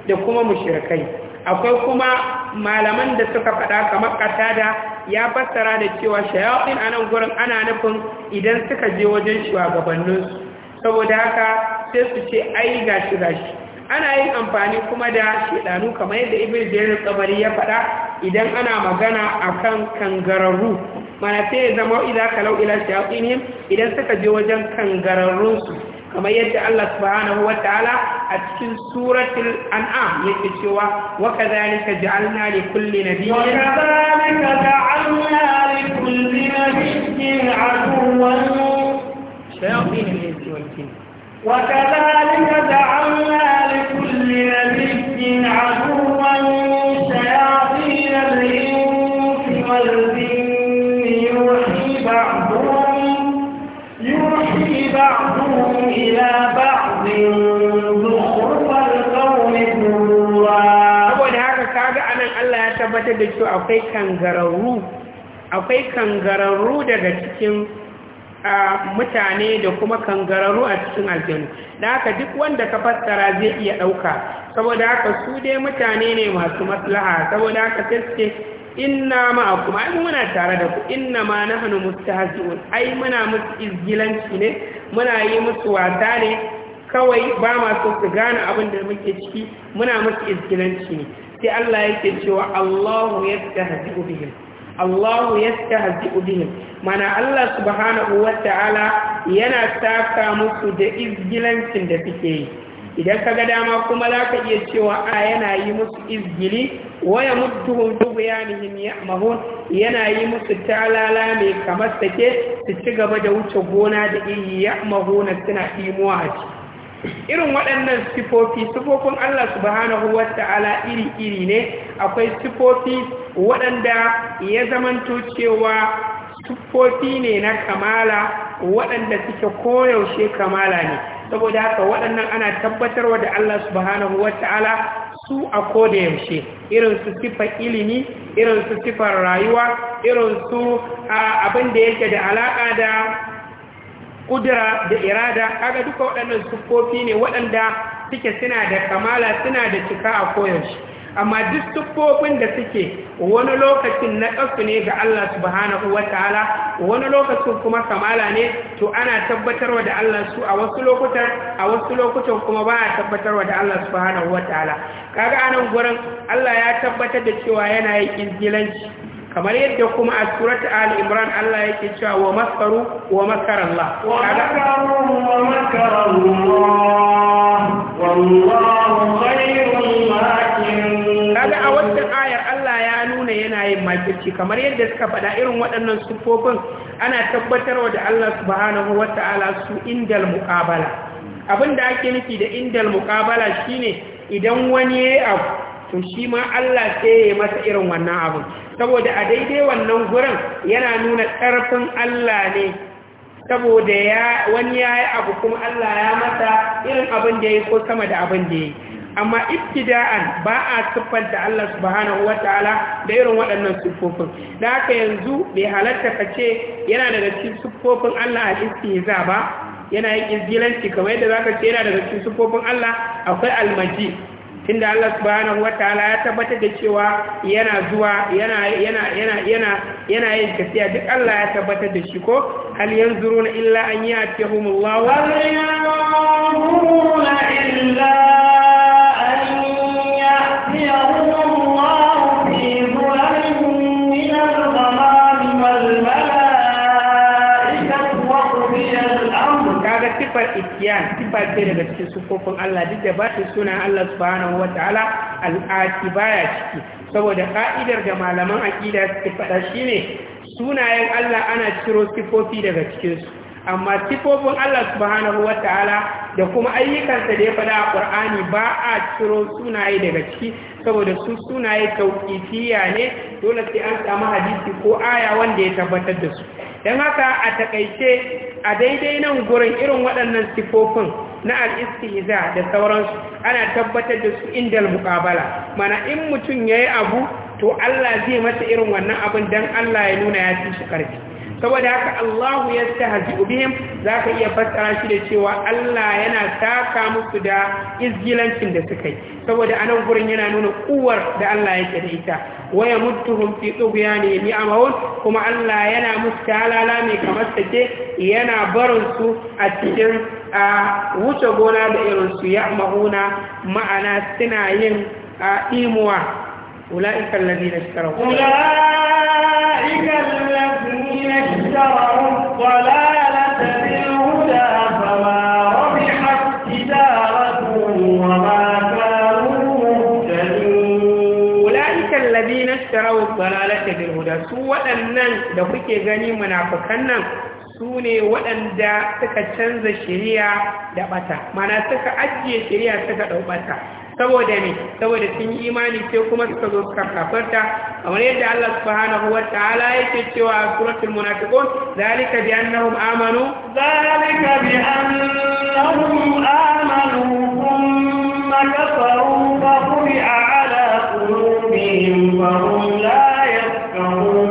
da kuma mushirkai akwai kuma malaman da suka faɗa kamar katada ya fassara da cewa shayaɗin a nan gurin ana nufin idan suka je wajen shugabanninsu saboda haka sai su ce ai gashi gashi ana yin amfani kuma da shiɗanu kamar yadda ibn jerin tsabari ya faɗa idan ana magana akan kangararru mana sai ya zama idan lau ila shayatinihim idan suka je wajen kangararrunsu kamar yadda Allah subhanahu wa ta'ala a cikin suratul an'am yake cewa wa kadhalika ja'alna li kulli nabiyyin wa kadhalika ja'alna li kulli nabiyyin aduwwan shayatinihim وكذلك جعلنا لكل نبي عدوا saboda haka kaga anan Allah ya tabbatar da cewa akwai kangararru akwai kangararru daga cikin mutane da kuma kangararru a cikin aljanu da haka duk wanda ka fassara zai iya ɗauka saboda haka su dai mutane ne masu maslaha saboda haka sai inna ma'akum ai muna tare da ku inna ma nahnu mustahzi'un ai muna musu izgilanci ne muna yi musu wata ne kawai ba ma so su gane abin da muke ciki muna musu izgilanci ne sai Allah yake cewa Allahu yastahzi'u bihim Allahu yastahzi'u bihim mana Allah subhanahu wata'ala yana taka musu da izgilancin da suke yi idan kaga dama kuma zaka iya cewa a yana yi musu izgili waya mudduhum tughyanihim mahu? yana yi musu talala mai kamar take su ci gaba da wuce gona da iyi mahuna suna imuwa a ciki irin waɗannan sifofi sifofin Allah subhanahu wata'ala iri-iri ne akwai sifofi waɗanda ya zamanto cewa sifofi ne na kamala waɗanda suke koyaushe kamala ne saboda haka waɗannan ana tabbatarwa da Allah subhanahu wata'ala su a koda yaushe irin su sifar ilimi irin su siffar rayuwa irin su abin da yake da alaƙa da kudura da irada kaga duka waɗannan siffofi ne waɗanda suke suna da kamala suna da cika a koyaushe amma duk siffofin da suke wani lokacin na ƙasu ne ga Allah subhanahu wa ta'ala wani lokacin kuma kamala ne to ana tabbatarwa da Allah su a wasu lokutan a wasu lokutan kuma ba a tabbatarwa da Allah subhanahu wa ta'ala kaga anan gurin Allah ya tabbatar da cewa yana yin injilanci kamar yadda kuma a surata Ali Imran Allah yake cewa wa masaru wa Allah kaga wa Allah wallahu khayr suna makirci kamar yadda suka faɗa irin waɗannan sufofin ana tabbatar wa da Allah subhanahu ta'ala su indal muqabala abin da ake nufi da indal muqabala shine idan wani yayi abu to shi ma Allah sai ya masa irin wannan abu saboda a daidai wannan gurin yana nuna ƙarfin Allah ne saboda ya wani yayi abu kuma Allah ya masa irin abin da yayi ko sama da abin da yayi amma ibtida'an ba a siffar da Allah subhanahu wataala da irin waɗannan siffofin da haka yanzu bai halatta ka ce yana daga cikin siffofin Allah cikin istihza ba yana yin izgilanci kamar yadda zaka ce yana daga cikin siffofin Allah akwai almaji tunda Allah subhanahu wataala ya tabbatar da cewa yana zuwa yana yana yana yana yana yin tafiya duk Allah ya tabbatar da shi ko hal yanzuruna illa an yatihumullahu hal yanzuruna illa sifar ikiyan sifa ce daga cikin sufofin Allah duk da ba su sunan Allah subhanahu wa ta'ala al'ati baya ciki saboda ka'idar da malaman aƙida suke faɗa shine sunayen Allah ana ciro sifofi daga cikinsu amma sifofin Allah subhanahu wa ta'ala da kuma ayyukansa da ya faɗa a Qur'ani ba a ciro sunaye daga ciki saboda su suna sunaye tauƙifiya ne dole sai an samu hadisi ko aya wanda ya tabbatar da su don haka a takaice a daidai nan gurin irin waɗannan sifofin na al'istiza da sauransu ana tabbatar da su inda muƙabala mana in mutum ya yi abu to Allah zai masa irin wannan abin don Allah ya nuna ya fi shi ƙarfi saboda haka Allahu yastahzi'u bihim zaka iya fassara shi da cewa Allah yana taka musu da izgilancin da suka yi saboda anan gurin yana nuna kuwar da Allah yake da ita waya mutuhum fi tughyani ni'amahun kuma Allah yana musu halala ne kamar take yana barin su a cikin a wuce gona da irin su ya mahuna ma'ana suna yin a imuwa أولئك الذين اشتروا أولئك الذين اشتروا الضلالة بالهدى فما ربحت تجارتهم وما كانوا مهتدين أولئك الذين اشتروا الضلالة بالهدى سوى أنن لو كنت غني منافقنا su ne waɗanda suka canza shirya da ɓata mana suka ajiye shirya suka ɗau ɓata saboda ne saboda sun yi imani sai kuma suka zo suka kafarta kamar yadda Allah subhanahu wa ta'ala yake cewa a suratul munafiqun zalika bi annahum amanu zalika bi annahum amanu thumma kafaru fa quri'a ala qulubihim wa hum la yafqahun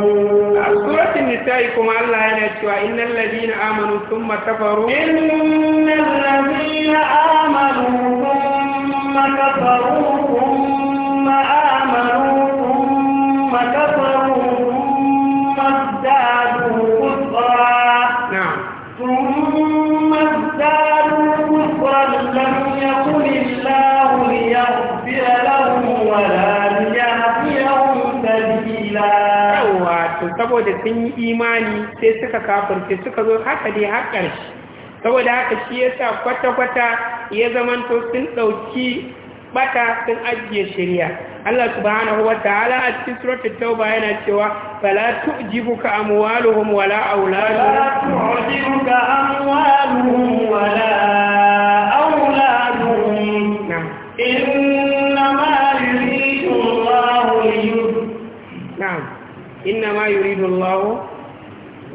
a suratul nisa kuma Allah yana cewa innal ladina amanu thumma kafaru innal ladina amanu saboda sun yi imani sai suka kafin suka zo haka dai haƙar saboda haka shi yasa kwata-kwata ya zamanto sun ɗauki bata sun ajiye shari'a Allah subhanahu wa ta'ala a cikin suratul tauba yana cewa fala tu'jibuka amwaluhum wala auladuhum fala tu'jibuka amwaluhum wala auladuhum na'am inna ma yuridu Allahu liyuz na'am inna ma yuridu Allahu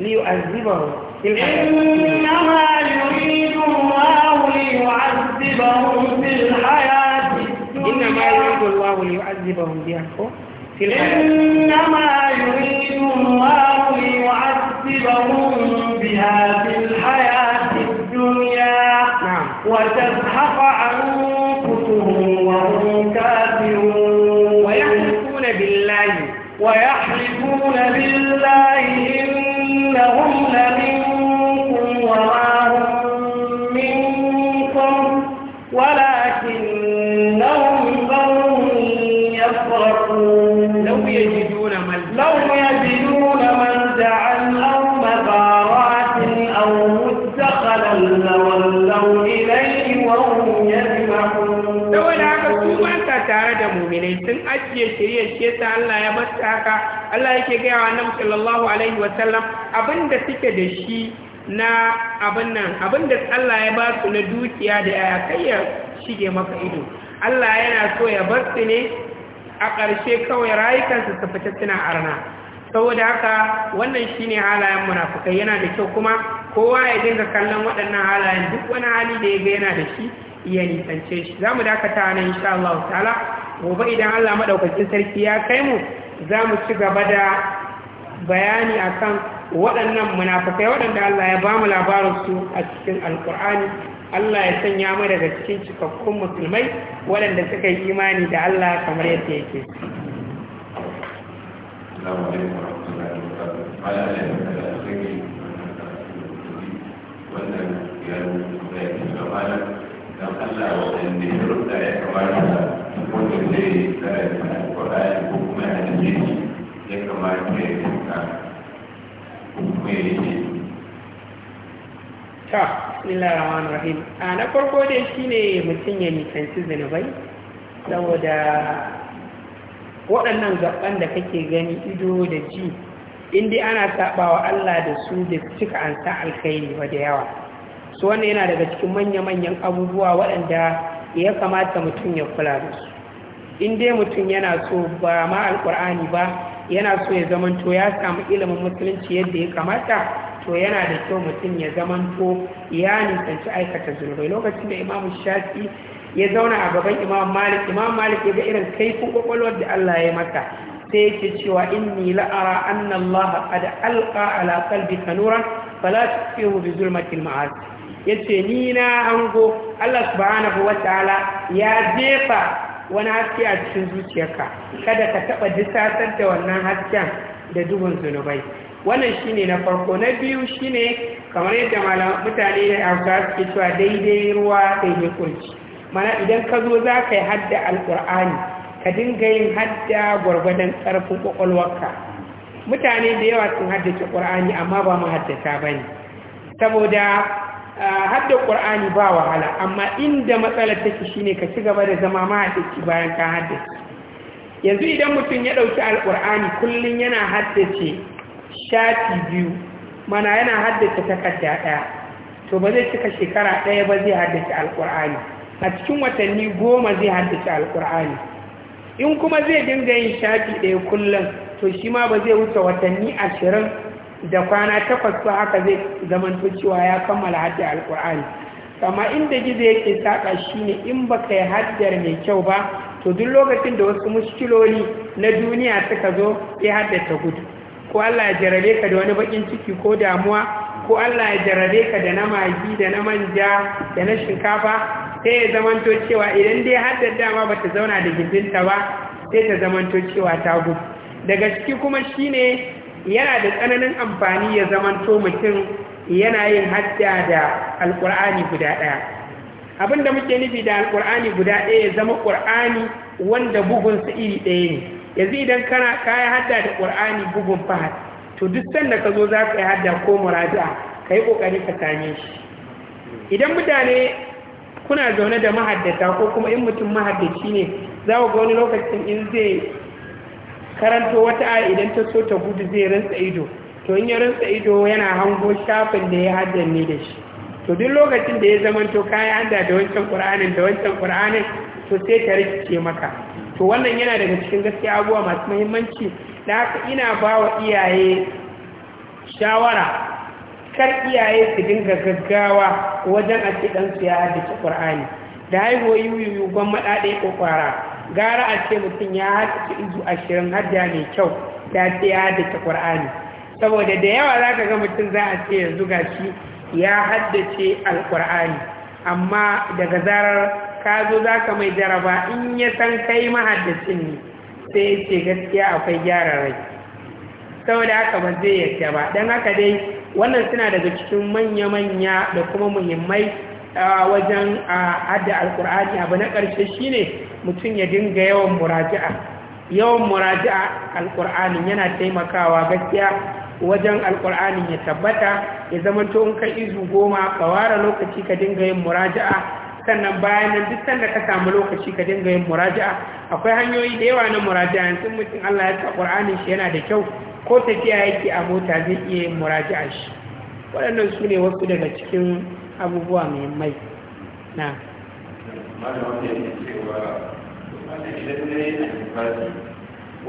liyu'azzibahum إنما يريد الله ليعذبهم في الحياة إنما يريد الله ليعذبهم بها في الحياة إنما يريد الله ليعذبهم بها في الحياة الدنيا نعم take shirye shi yasa Allah ya bata haka Allah yake gaya wa nan sallallahu alaihi wa sallam abinda suke da shi na abin nan abinda Allah ya ba su na dukiya da ya kai ya shige maka ido Allah yana so ya bar su ne a ƙarshe kawai rayukansu su fita suna arna saboda haka wannan shine halayen munafukai yana da kyau kuma kowa ya dinga kallon waɗannan halayen duk wani hali da ya ga yana da shi iya nisance shi za mu dakata nan insha Allah ta'ala gobe idan Allah maɗaukacin sarki ya kai mu za mu ci gaba da bayani akan waɗannan munafukai waɗanda Allah ya ba mu su a cikin alƙur'ani Allah ya sanya mu daga cikin cikakkun musulmai waɗanda suka yi imani da Allah kamar yadda yake wannan ya yi ta bismillahir rahmanir rahim a na farko dai shi ne mutum ya nisanci zinubai saboda waɗannan gaban da kake gani ido da ji inda ana wa Allah da su da cika an sa alkhairi ba da yawa su wanda yana daga cikin manya-manyan abubuwa waɗanda ya kamata mutum ya kula da su in dai mutum yana so ba ma alkur'ani ba yana so ya zamanto ya samu ilimin musulunci yadda ya kamata to yana da kyau mutum ya zamanto ya nisanci aikata zunubai lokacin da imam shafi ya zauna a gaban imam malik imam malik ya ga irin kaifin kwakwalwar da allah ya mata sai yake cewa inni la'ara anna allah qad alqa ala qalbika nuran fala tusihu bi zulmatil ma'asi yace ni na ango. allah subhanahu wataala ya jefa wani haske a cikin zuciyarka kada ka taba disasar da wannan hasken da duhun zunubai wannan shi ne na farko na biyu shi ne kamar yadda mutane da hausa suke cewa daidai ruwa yi kulci mana idan ka zo za ka yi hadda alkur'ani ka dinga yin hadda gwargwadon ƙarfin ƙwaƙwalwarka mutane da yawa sun haddace ƙur'ani amma ba mu haddata ba ne saboda hadda ƙur'ani ba wahala amma inda matsalar take ne ka ci gaba da zama mahaddaci bayan ka haddace yanzu idan mutum ya ɗauki alƙur'ani kullum yana haddace shati biyu mana yana haddace takarda ɗaya to ba zai cika shekara ɗaya ba zai haddace alƙur'ani a cikin watanni goma zai haddace alƙur'ani in kuma zai dinga yin shafi ɗaya kullum to shi ma ba zai wuce watanni ashirin da kwana takwas ba haka zai zamanto cewa ya kammala hadda alƙur'ani kama inda gizo yake saƙa shi ne in ba ka yi haddar mai kyau ba to duk lokacin da wasu muskiloli na duniya suka zo ya haddata gudu ko Allah ya jarabe ka da wani bakin ciki ko damuwa ko Allah ya jarabe ka da na magi da na manja da na shinkafa sai ya zamanto cewa idan dai har da dama ba ta zauna da gidinta ba sai ta zamanto cewa ta gudu daga ciki kuma ne yana da tsananin amfani ya zamanto mutum yana yin hadda da alkur'ani guda ɗaya abinda muke nufi da alkur'ani guda ɗaya ya zama ƙur'ani wanda bugunsa iri ɗaya ne yanzu idan kana kaya hadda da ƙur'ani bugun fahad to duk sanda ka zo za ka yi hadda ko muradu'a, ka yi ƙoƙari ka same shi idan mutane kuna zaune da mahaddata ko kuma in mutum mahaddaci ne za ku ga wani lokacin in zai karanto wata aya idan ta so ta gudu zai rantsa ido to in ya rantsa ido yana hango shafin da ya ne da shi to duk lokacin da ya zamanto kayan hadda da wancan ƙur'anin da wancan ƙur'anin to sai ta rikice maka to wannan yana daga cikin gaskiya abuwa masu muhimmanci da haka ina ba wa iyaye shawara kar iyaye su dinga gaggawa wajen a ce ɗansu ya haddace ƙwar'ani da haihuwa yuyuyu gwan maɗaɗe ƙwara gara a ce mutum ya haddace izu ashirin hadda mai kyau da ce ya haddace ƙwar'ani saboda da yawa za ka ga mutum za a ce yanzu shi, ya haddace alƙur'ani amma daga zarar ka zo za ka mai jaraba in ya san kai mahaddacin ne sai ya ce gaskiya akwai gyara rai saboda haka ba zai yarda ba don haka dai wannan suna daga cikin manya-manya da kuma muhimmai wajen hada alkur'ani abu na ƙarshe shine mutum ya dinga yawan muraji'a yawan muraji'a alkur'ani yana taimakawa gaskiya wajen alkur'ani ya tabbata ya zama to in ka izu goma ka ware lokaci ka dinga yin muraji'a. sannan bayan nan duk sanda ka samu lokaci ka dinga yin muraja'a akwai hanyoyi da yawa na muraja'a sun mutum Allah ya sa Qur'anin shi yana da kyau ko tafiya yake a mota zai iya yin muraja'a shi waɗannan su ne wasu daga cikin abubuwa mai mai na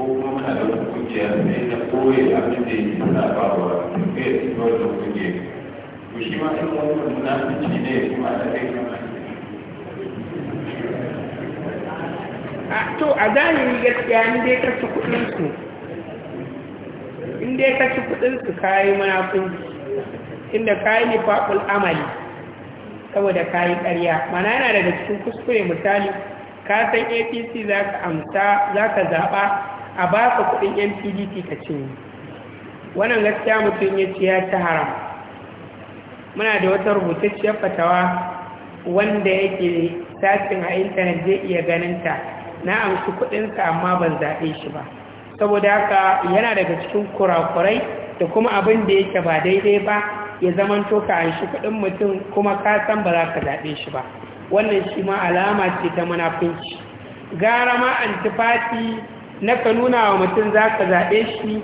ko kuma muna da wata kungiya sai na koyi abin da yake suna faruwa da kai da wata kungiya to shi ma ɗin wani munafici ne kuma da kai kamar to a zahiri gaskiya in dai ka ci su in dai ka kudin su kayi munafin inda kayi nifaqul amali saboda kayi ƙarya mana yana daga cikin kuskure misali ka san APC zaka amsa zaka zaba a baka kudin NPDP ka cinye wannan gaskiya mutum ya ce ya ci haram muna da wata rubutacciyar fatawa wanda yake littafin a intanet zai iya ganinta na amshi kuɗinsa amma ban zaɓe shi ba saboda haka yana daga cikin kurakurai da kuma abin da yake ba daidai ba ya zamanto ka amshi kuɗin mutum kuma ka san ba za ka zaɓe shi ba wannan shi ma alama ce ta munafunci gara ma antifati na ka nuna wa mutum za ka zaɓe shi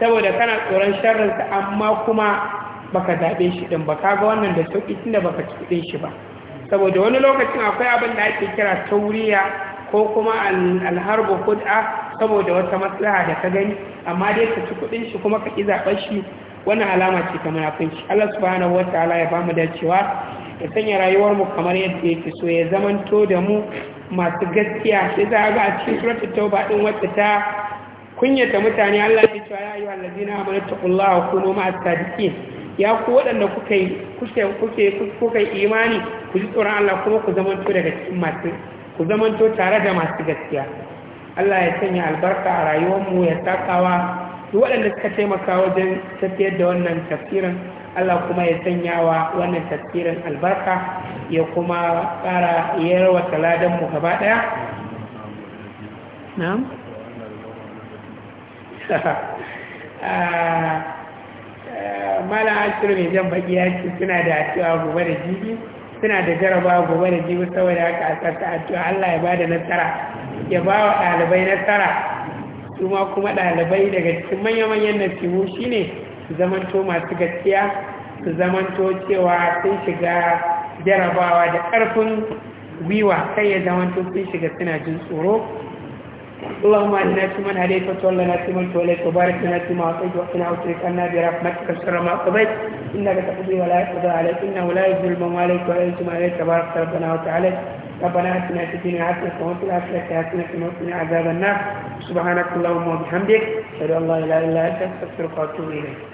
saboda kana tsoron sharrinsa amma kuma baka zaɓe shi ɗin ba ga wannan da sauƙi tunda baka ci kuɗin shi ba saboda wani lokacin akwai abin da ake kira tauriya ko kuma alharbu kud'a saboda wata maslaha da ka gani amma dai ka ci kudin shi kuma ka ki zaɓar shi wannan alama ce a kunshi. Allah subhanahu ta'ala ya bamu dacewa ya sanya rayuwar mu kamar yadda yake so ya zamanto da mu masu gaskiya sai za ga a cikin ta tauba din wacce ta kunyata mutane Allah ya ce ya ayyuhallazina amanu taqullaha wa kunu ma'as sadiqin ya ku waɗanda kuka yi kuke kuka imani ku ji tsoron Allah kuma ku zamanto daga cikin masu ku zamanto tare da masu gaskiya Allah ya sanya albarka a rayuwar mu ya takawa duk waɗanda suka taimaka wajen tafiyar da wannan tafsirin Allah kuma ya sanya wa wannan tafsirin albarka ya kuma ƙara yarwa taladan mu gaba ɗaya na'am ah, mala asiru ne jan baki ya ce suna da addu'a gobe da jibi suna da jaraba gobe da jibi saboda haka asarta sassa addu'a Allah ya ba da nasara ya ba wa ɗalibai nasara su ma kuma ɗalibai daga cikin manya-manyan ne shine zamanto masu gaskiya su zamanto cewa sun shiga jarabawa da ƙarfin gwiwa kai ya zamanto sun shiga suna jin tsoro اللهم اهدنا من هديت وتولنا فيمن توليت وبارك لنا فيما اعطيت وقنا واصرف عنا برحمتك شر ما قضيت انك تقضي ولا يقضى عليك انه لا يذل من واليك ولا يذل من عليك تبارك ربنا وتعالى ربنا اتنا في الدنيا حسنه وفي الاخره حسنه وقنا عذاب النار سبحانك اللهم وبحمدك اشهد ان لا اله الا انت استغفرك واتوب اليك